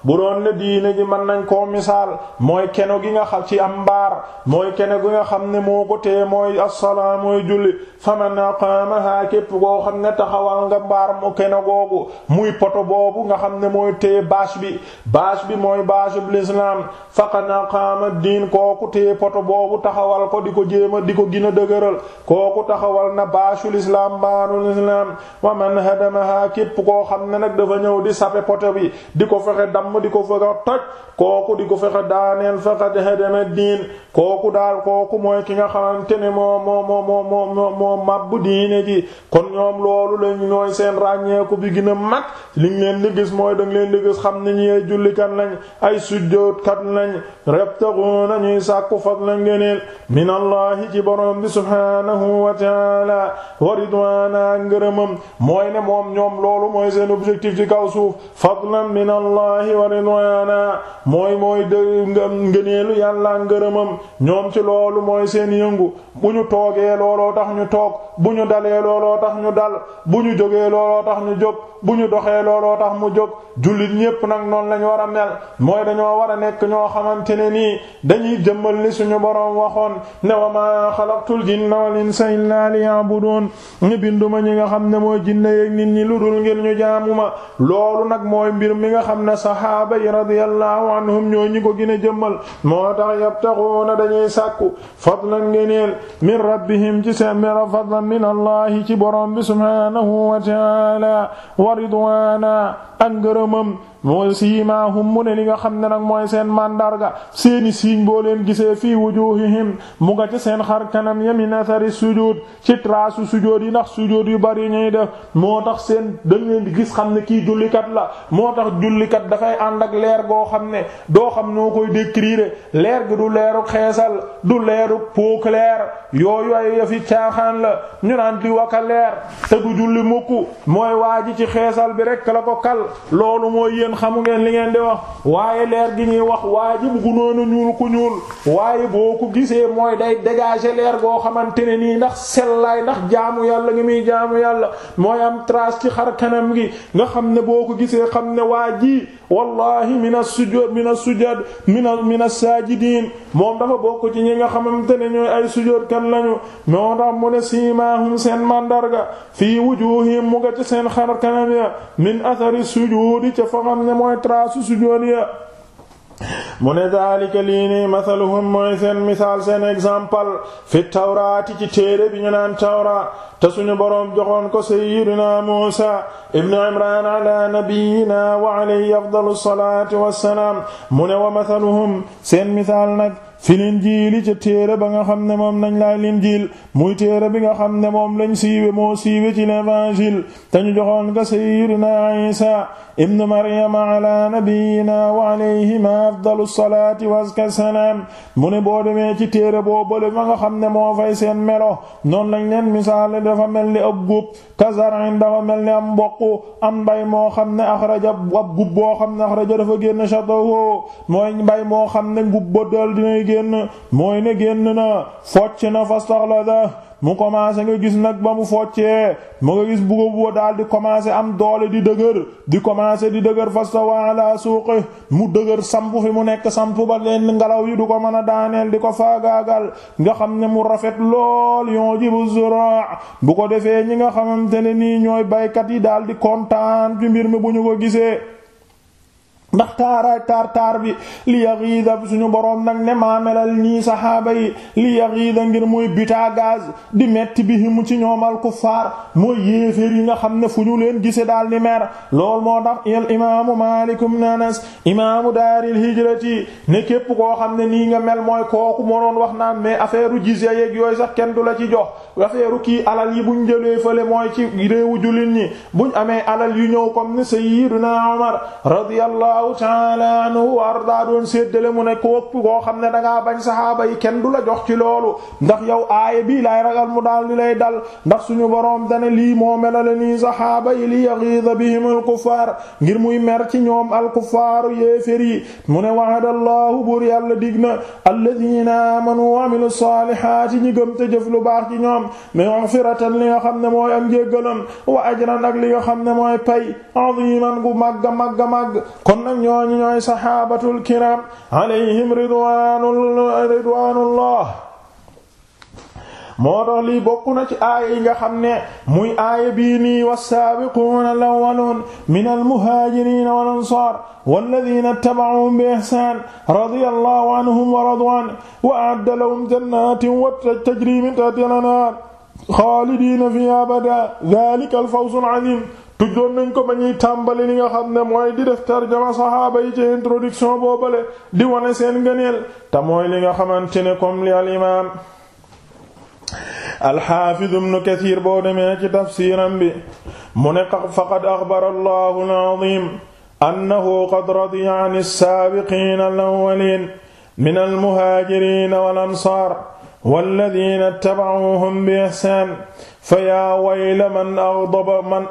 bu doon ne diine ji mën nañ koo misaal mooy keno gi nga xam ci am mbaar mooy keno gi nga xam ne moo ko tee mooy assalaa mooy julli faman aqaamahaa képp koo xam ne taxawal nga mbaar mu keno googu muy poto boobu nga xam ne mooy tee bâche bi bâche bi mooy bâche bu lislaam faqad aqaama diin kooku tee poto boobu taxawal ko di ko jéema di ko gën a dëgëral kooku taxawal na arshul islam baanul islam wa man hadamaha képp koo xam ne nag dafa ñëw di sape poto bi di ko fexe damm di ko fexe toj kooku di ko fexe daaneel faqad hadama diin kooku daal kooku mooy ki nga xamante ne moo moo moo moo moo moo mabbu diine gi kon ñoom loolu lañ ñooy seen ràññeeku bi gën a mag liñ leen di gis mooy dañ leen di gis xam ne ñi ay jullikat lañ ay sujjootkat lañ yabtaghuna ñuy sàkku fadlan ngeen minallahi ci borom bi subhanahu wa wa ridwaana ak ngërëmam mooy ne moom ñoom loolu mooy seen objectif ci kaw suuf fadlan min allahi wa ridwaana mooy mooy dë ngëneelu yàlla ngërëmam ñoom ci loolu mooy seen yëngu bu ñu toogee looloo tax ñu toog bu ñu dalee looloo tax ñu dal bu ñu jógee looloo tax ñu jóg bu ñu doxee looloo tax mu jóg jullit ñépp nag noonu lañu war a mel mooy dañoo war a nekk ñoo xamante ne nii dañuy jëmmal li suñu boroom waxoon ne wa ma xalaqtul insa illa liya'budun ñu ma ñi nga xam ne moo jinne yeek nit ñi lu dul ngir ñu jaamuma loolu nag mooy mbir mi nga xam ne saxaaba yi radiyallahu anhum ñoo ñi ko gën a jëmmal moo tax yabtaxuuna dañuy sàkku fadlan ngeneel min rabbihim ci seen mera fadlan min allahi ci borom bi subhaanahu wa ta'ala wa ridwaana ak mooy siimaahum mu ne li nga xam ne nag mooy seen mandarga seeni siiñ boo leen gisee fii wujuhihim mu nga ci seen xar kanam ya min athari sujud ci trasu sujud yi ndax sujud yu bari ñuy def moo tax seen dañ leen di gis xam ne kii jullikat la moo tax jullikat dafay ànd ak leer goo xam ne doo xam noo koy décrire leer gi du leeru xeesal du leeru pook leer yooyu ay yafi caaxaan la ñu naan di waka leer te du julli mukk mooy waa ji ci xeesal bi rek yéen xamu ngeen li ngeen di wax waaye leer gi ñuy wax waa ji bu noonu ñuul ku ñuul waaye boo ko gisee mooy day dégager leer goo xamante ne nii ndax sellaay ndax jaamu yàlla ngi muy jaamu yàlla mooy am trace ci xar kanam gi nga xam ne boo ko gisee xam ne waa ji wallahi mina sujud mina sujud mina mina sajidin moom dafa bokk ci ñi nga xamante ne ñooy ay sujud kan lañu moo tax mu ne siimaahum seen mandarga fii wujuhihim mu nga ci seen xar kanam ya min athari sujud ca xam ne mooy trasu sujjóot ya mu ne daalika lii nii masaluhum mooy seen misaal seen exemple fi tawraati ci téere bi ñu naan tawra te suñu boroom joxoon ko sayyidina Muusa ibnu Imraan ala nabiyyina wa alayhi afdalu salaatu wassalaam mu ne wa masaluhum seen misaal nag filin jiili ca téere ba nga xam ne moom nañ laa lim jiil muy téere bi nga xam ne moom lañ siiwe moo siiwe ci l'évangile te ñu joxoon ko sayyidina Isa ibnu Maryama ala nabiyyina wa alayhima afdalu salaati wa azka salaam mu ne boo demee ci téere boo bële ba nga xam ne moo fay seen melo noonu lañ leen misaale dafa mel ni ab gub kazarin dafa mel ni am mboq am mbay moo xam ne axraja ab gub boo xam ne axraja dafa génn château mooy mbay moo xam ne gub ba dal dina génn mooy ne génn na focc na fastaxlada mu commencé nga gis nag ba mu foccee mu nga gis bugo buba daal di commencé am doole di dëgër di commencé di dëgër fastawa ala suuqi mu dëgër samp fi mu nekk samp ba leen ngelaw yi du ko mën a daaneel di ko faagaagal nga xam ne mu rafet lool yoo jibu zura bu ko defee ñi nga xamante ne nii ñooy baykat yi daal di kontaan ci mbir mi bu ñu ko gisee ndax taaraay taar taar bi li yaghida suñu boroom nag ne maamelal ñii saxaaba yi li yaghida ngir muy buta gaz di metti bi himu ci ñoomal kuffaar mooy yéeféer yi nga xam ne fu ñu leen gise daal ni mer lool moo tax al imaamu malikum ne anas imaamu daaril hijrati ne képp koo xam ne nii nga mel mooy kooku moo doon wax naan mais affaire u jizya yeeg yooyu sax kenn du la ci jox affaire u alal yi buñ jëlee fële mooy ci réewu jullit ñi buñ amee alal yu ñëw comme ne sayyiduna radiyallahu ta'ala anhu wa arda doon séddale mu ne koop koo xam ne da ngaa bañ saxaaba yi kenn du la jox ci loolu ndax yow aaya bii laay ragal mu daal di lay dal ndax suñu boroom dane lii moo melale nii saxaaba yi li yaghidha bihim al-kuffar ngir muy mer ci ñoom al-kuffar yéefér yi mu ne wa'adallahu buur yàlla dig na alladhina amanu wa amilu salihati ñi gëm te jëf lu baax ci ñoom maghfiratan li nga xam ne mooy am jéggalam wa ajran ak li nga xam ne mooy pay aziman gu màgga màgga màgg kon nag ñooñu ñooy saxaabatul kiram alayhim ridwaanul ridwaanullah moo tax lii bokk na ci aaya yi nga xam ne muy aaya bii nii wassaabiquuna alawwaluun min almuhaajiriina wal ansaar walladiina ittaba'uuhum bi ihsaan radiyallaahu anhum wa radwaan wa a'adda lahum jannaatin wa tajrii min tahtihaa al-anhaar xaalidiina fiihaa abadaa dhaalika al-fawzul 'aziim tuddoon nañ ko ba ñuy tàmbali li nga xam ne mooy di def tarjama saxaaba yi ci introduction boobale di wane seen ngëneel te mooy li nga xamante ne comme li al imaam alxaafiz ibnu kasiir boo demee ci tafsiiram bi mu ne faqad axbara allahu al-aziim annahu qad radiya an as-saabiqiina al-awwaliina min al-muhaajiriina wal walladina tabacuuhum bi ixsaan fa yaa wayla man aghdaba man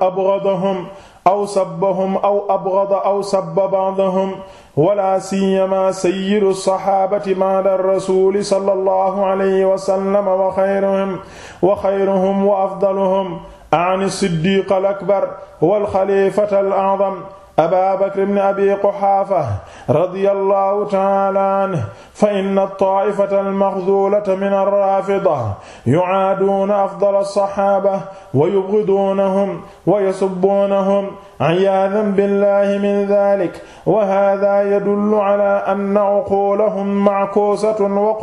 abghadahum aw sabbahum aw abghada aw sabba ba'dahum wala siyamaa sayyidu saxaabati ba'da rasuuli sallallahu alayhi wa sallam wa xayruhum wa xayruhum wa afdaluhum an siddiiq al akbar wal xaliifata al a'zam Abaa Bakr ibn Abi Quhaafa radiyallahu ta'aala anhu fa inna at-taa'ifata al-makhzuulata mina ar-raafida yu'aaduuna afdala as-sahaaba wa yubghiduunahum wa yasubbuunahum 'iyaadan billaahi min dhaalik wa haadhaa yadullu 'alaa anna 'uquulahum ma'kuusatun wa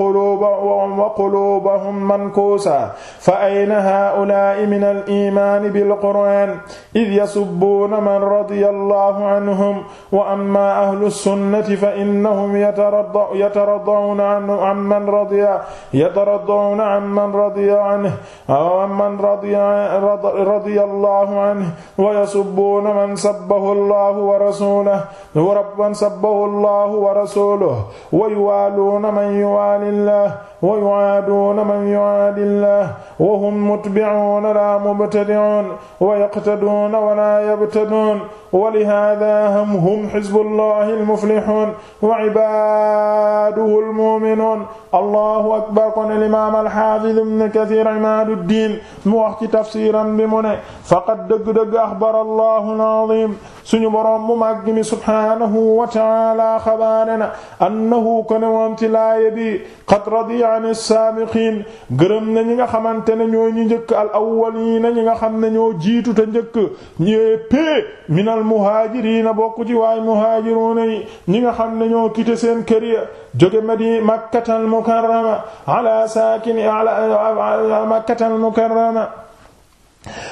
quluubuhum mankuusa fa ayna haa'ulaa'i mina al-iimaani bil-qur'aan idh yasubbuuna man radiyallahu anhum wa amma ahlu sunnati fa innahum yataraddawna amman radiya yataraddawna amman radiya anhu aw amman radiya Allahu anhu wa yasubbuna man sabbahu Allahu wa rasuluhu wa rabban sabbahu Allahu wa rasuluhu wa yuwaaluna man yuwaali Allah wa yu'aaduuna man yu'aadi llaah wa hum mutbi'uuna laa mubtadi'uun wa yaqtaduuna wa laa yabtaduun wa lihaadaa hum hum hizbullaahi al-muflihuun wa 'ibaaduhu al-mu'minuun allahu akbar kon al-imaam al-haafiz ibn kathiir imaaduddiin mu wax ci tafsiiram bi mu ne faqad dëgg-dëgg axbara allahu al-'aziim suñu boroom mu màgg mi subhaanahu wa ta'aala xabaarana annahu kana moom ci laaye bi qad radiya an as-saabiqiin gërëm na ñi nga xamante ne ñooy ñi njëkk al na ñi nga xam ne ñoo jiitu ta njëkk ñépp minal muhaajiriina bokk ci waay muhaajiruuna yi ñi nga xam ne ñoo quitté seen kër ya jóge Madi Makkatal Mukarrama ala saakini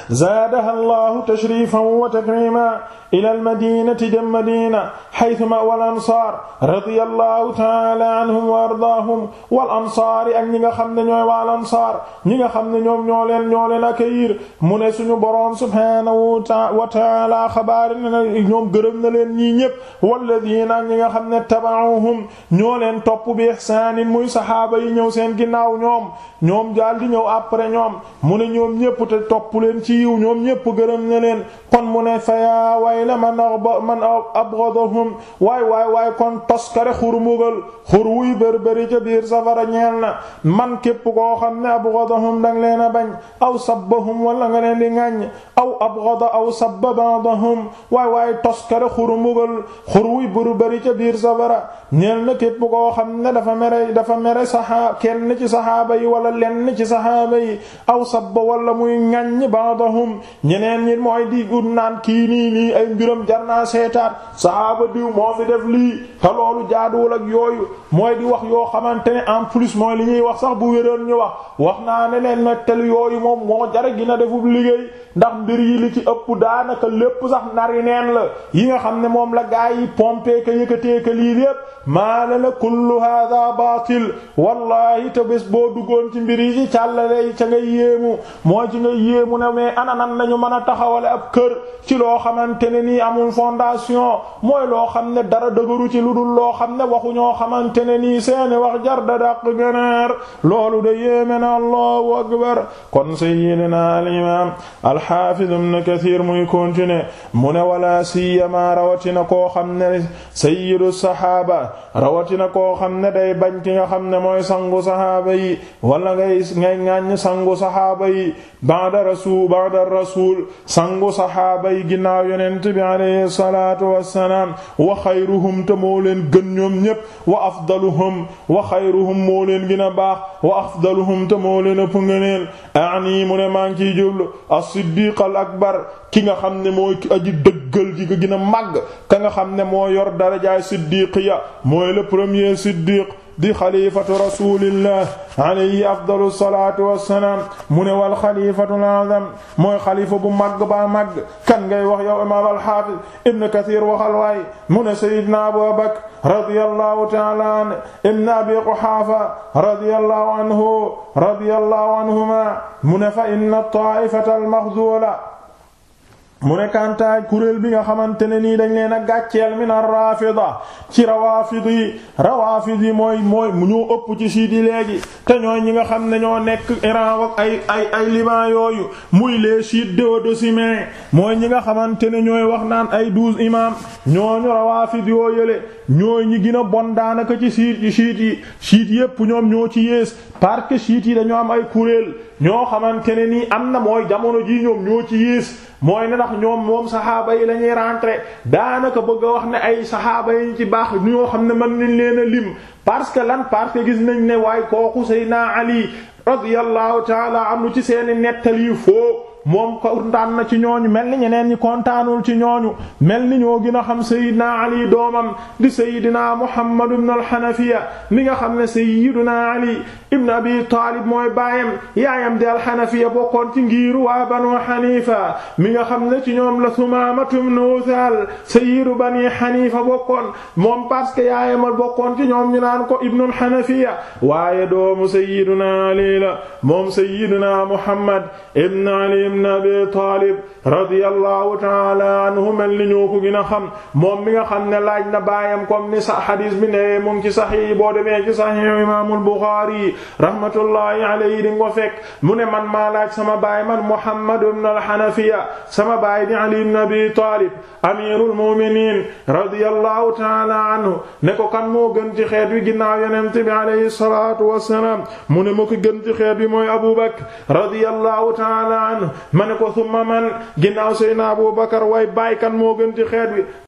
zaadaha allahu tashrifan wa takrima ila almadinati jëm madina haythu mawa al ansaar radiya allahu taala anhum wa ardaahum wal ansaari ak ñi nga xam ne ñooy waal ansaar ñi nga xam ne ñoom ñoo leen ñoo leen accueillir mu ne suñu boroom subhanahu wa taala xabaari na ñoom gërëm na leen ñii ñépp walladina ak ñi nga xam ne tabaauhum ñoo leen topp bi ihsaanin muy saxaaba yi ñëw seen ginnaaw ñoom ñoom daal di ñëw après ñoom mu ne ñoom ñépp te topp leen ci yiw ñoom ñépp gërëm na kon mu ne fa yaa way la man man abghadahum waay waay waay kon toskare xurmugal xur wuy bërbëri ca biir safara ñeel na man képp koo xam ne abghadahum dang leen a bañ aw sabbahum wala nga leen di ŋàññ aw abghada aw sabba ba'dahum waay waay toskare xurmugal xur wuy bërbëri ca biir safara ñeel na képp koo xam dafa mere dafa mere saxaa kenn ci saxaaba yi wala lenn ci saxaaba yi aw sabba wala muy ŋàññ ba ba'dahum ñeneen ñi mooy di ut naan kii nii nii ay mbiram jar naa seetaat sahaaba diw moo fi def lii te loolu jaaduwul ak yooyu mooy di wax yoo xamante ne en plus mooy li ñuy wax sax bu wéroon ñu wax wax naa ne leen nettali yooyu moom moo jar gi na defub liggéey ndax mbir yi li ci ëpp daanaka lépp sax nari neen la yi nga xam ne moom la gaa yi pompé ka yëkkatee ka lii lépp maa la na kullu hada baatil wallahi te bés boo duggoon ci mbir yi ci càllale yi ca nga yéemu ne mais ana nan lañu mën a taxawale ab kër ci loo xamante ne nii amul fondation mooy loo xam ne dara dëgëru ci lu dul loo xam ne waxu ñoo xamante ne nii seeni wax jar da dàq ganaar loolu de yéeme na allahu akbar kon sayyidina al imam al hafiz ibn kathir muy continuer mu ne wala siyama rawatina koo xam ne sayyidu sahaaba rawatina ko xam ne day bañ ki nga xam ne mooy sangu sahaaba yi wala ngay ngay ngàññ sangu sahaaba yi ba'da rasul rasul ba'da rasul sangu saxaaba yi ginnaaw yonent bi alayhi salaatu wassalaam wa xayruhum te moo leen gën ñoom ñépp wa afdaluhum wa xayruhum moo leen gën a baax wa afdaluhum te moo leen ëpp ngëneel mu ne maa ngi ciy jublu as-siddiq al-akbar ki nga xam ne moo aji dëggal ji ko gën a màgg ka nga xam ne moo yor darajaay siddiqiya mooy le premier siddiq di xalifatu rasulillah alayhi afdalu salaatu wassalaam mu ne wal xalifatul azam mooy xalifa bu màgg ba màgg kan ngay wax yow imaam alxaafis ibn kathir waxal waay mu ne sayidna abu bakr radiyallahu ta'ala an ibn abi quhaafa radiyallahu anhu radiyallahu anhuma mu ne fa inna taa'ifata al-maxzuula mu ne kuréel bi nga xamante ne nii dañ leen a gàcceel min ar-rafida ci rawafid yi rawafid yi mooy mooy ñoo ëpp ci siit yi léegi te ñooy ñi nga xam ne ñoo nekk Iran ak ay ay ay liban yooyu muy les chiites duodécimains mooy ñi nga xamante ne ñooy wax naan ay douze imam ñooñu rawafid yoo yële ñooy ñi gën a bon daanaka ci siit yi siit yi siit yépp ñoom ñoo ci yées parce que siit yi dañoo am ay kuréel ñoo xamante ne nii am na mooy jamono ji ñoom ñoo ci yées mooy ne ndax ñoom moom saxaaba yi la ñuy rentré daanaka bëgg a wax ne ay saxaaba yi ci baax ñoo xam ne mën nañ leen a lim parce que lan parce que gis nañ ne waaye kooku Seydina Ali radiyallahu ta'ala anhu ci seeni nettali foo moom kontaan na ci ñooñu mel ni ñeneen ñi kontaanul ci ñooñu mel ni ñoo gën a xam Seydina Ali doomam di Seydina Muhammad ibn al-Hanafiya mi nga xam ne Seydina Ali ibn Abi Talib mooy baayam yaayam di al-Hanafiya bokkoon ci ngiiru waa Banu Hanifa mi nga xam ne ci ñoom la Sumaamatu ibn Uthal sayyidu Bani Hanifa bokkoon moom parce que yaayam bokkoon ci ñoom ñu naan ko ibn al waaye doomu Seydina Ali la moom Seydina Muhammad ibn Ali ibn abi taalib radiyallahu taala anhu mel ni ñoo ko gën a xam moom mi nga xam ne laaj na baayam comme ni sa xadiis bi ne mu ngi ci saxiix boo demee ci saxiix imaamul buxaari rahmatullahi alayhi di nga fekk mu ne man maa laaj sama baay man muhammad ibn al-hanafiya sama baay di ali ibn abi taalib amirul mu'minin radiyallahu taala anhu ne ko kan moo gën ci xeet wi ginnaaw yonent bi alayhi salaatu wassalaam mu ne moo ko gën ci xeet wi mooy abu bakr radiyallahu taala anhu ma ne ko summa man ginnaaw Seydina Abu Bakar way baay kan moo gën ci xeet wi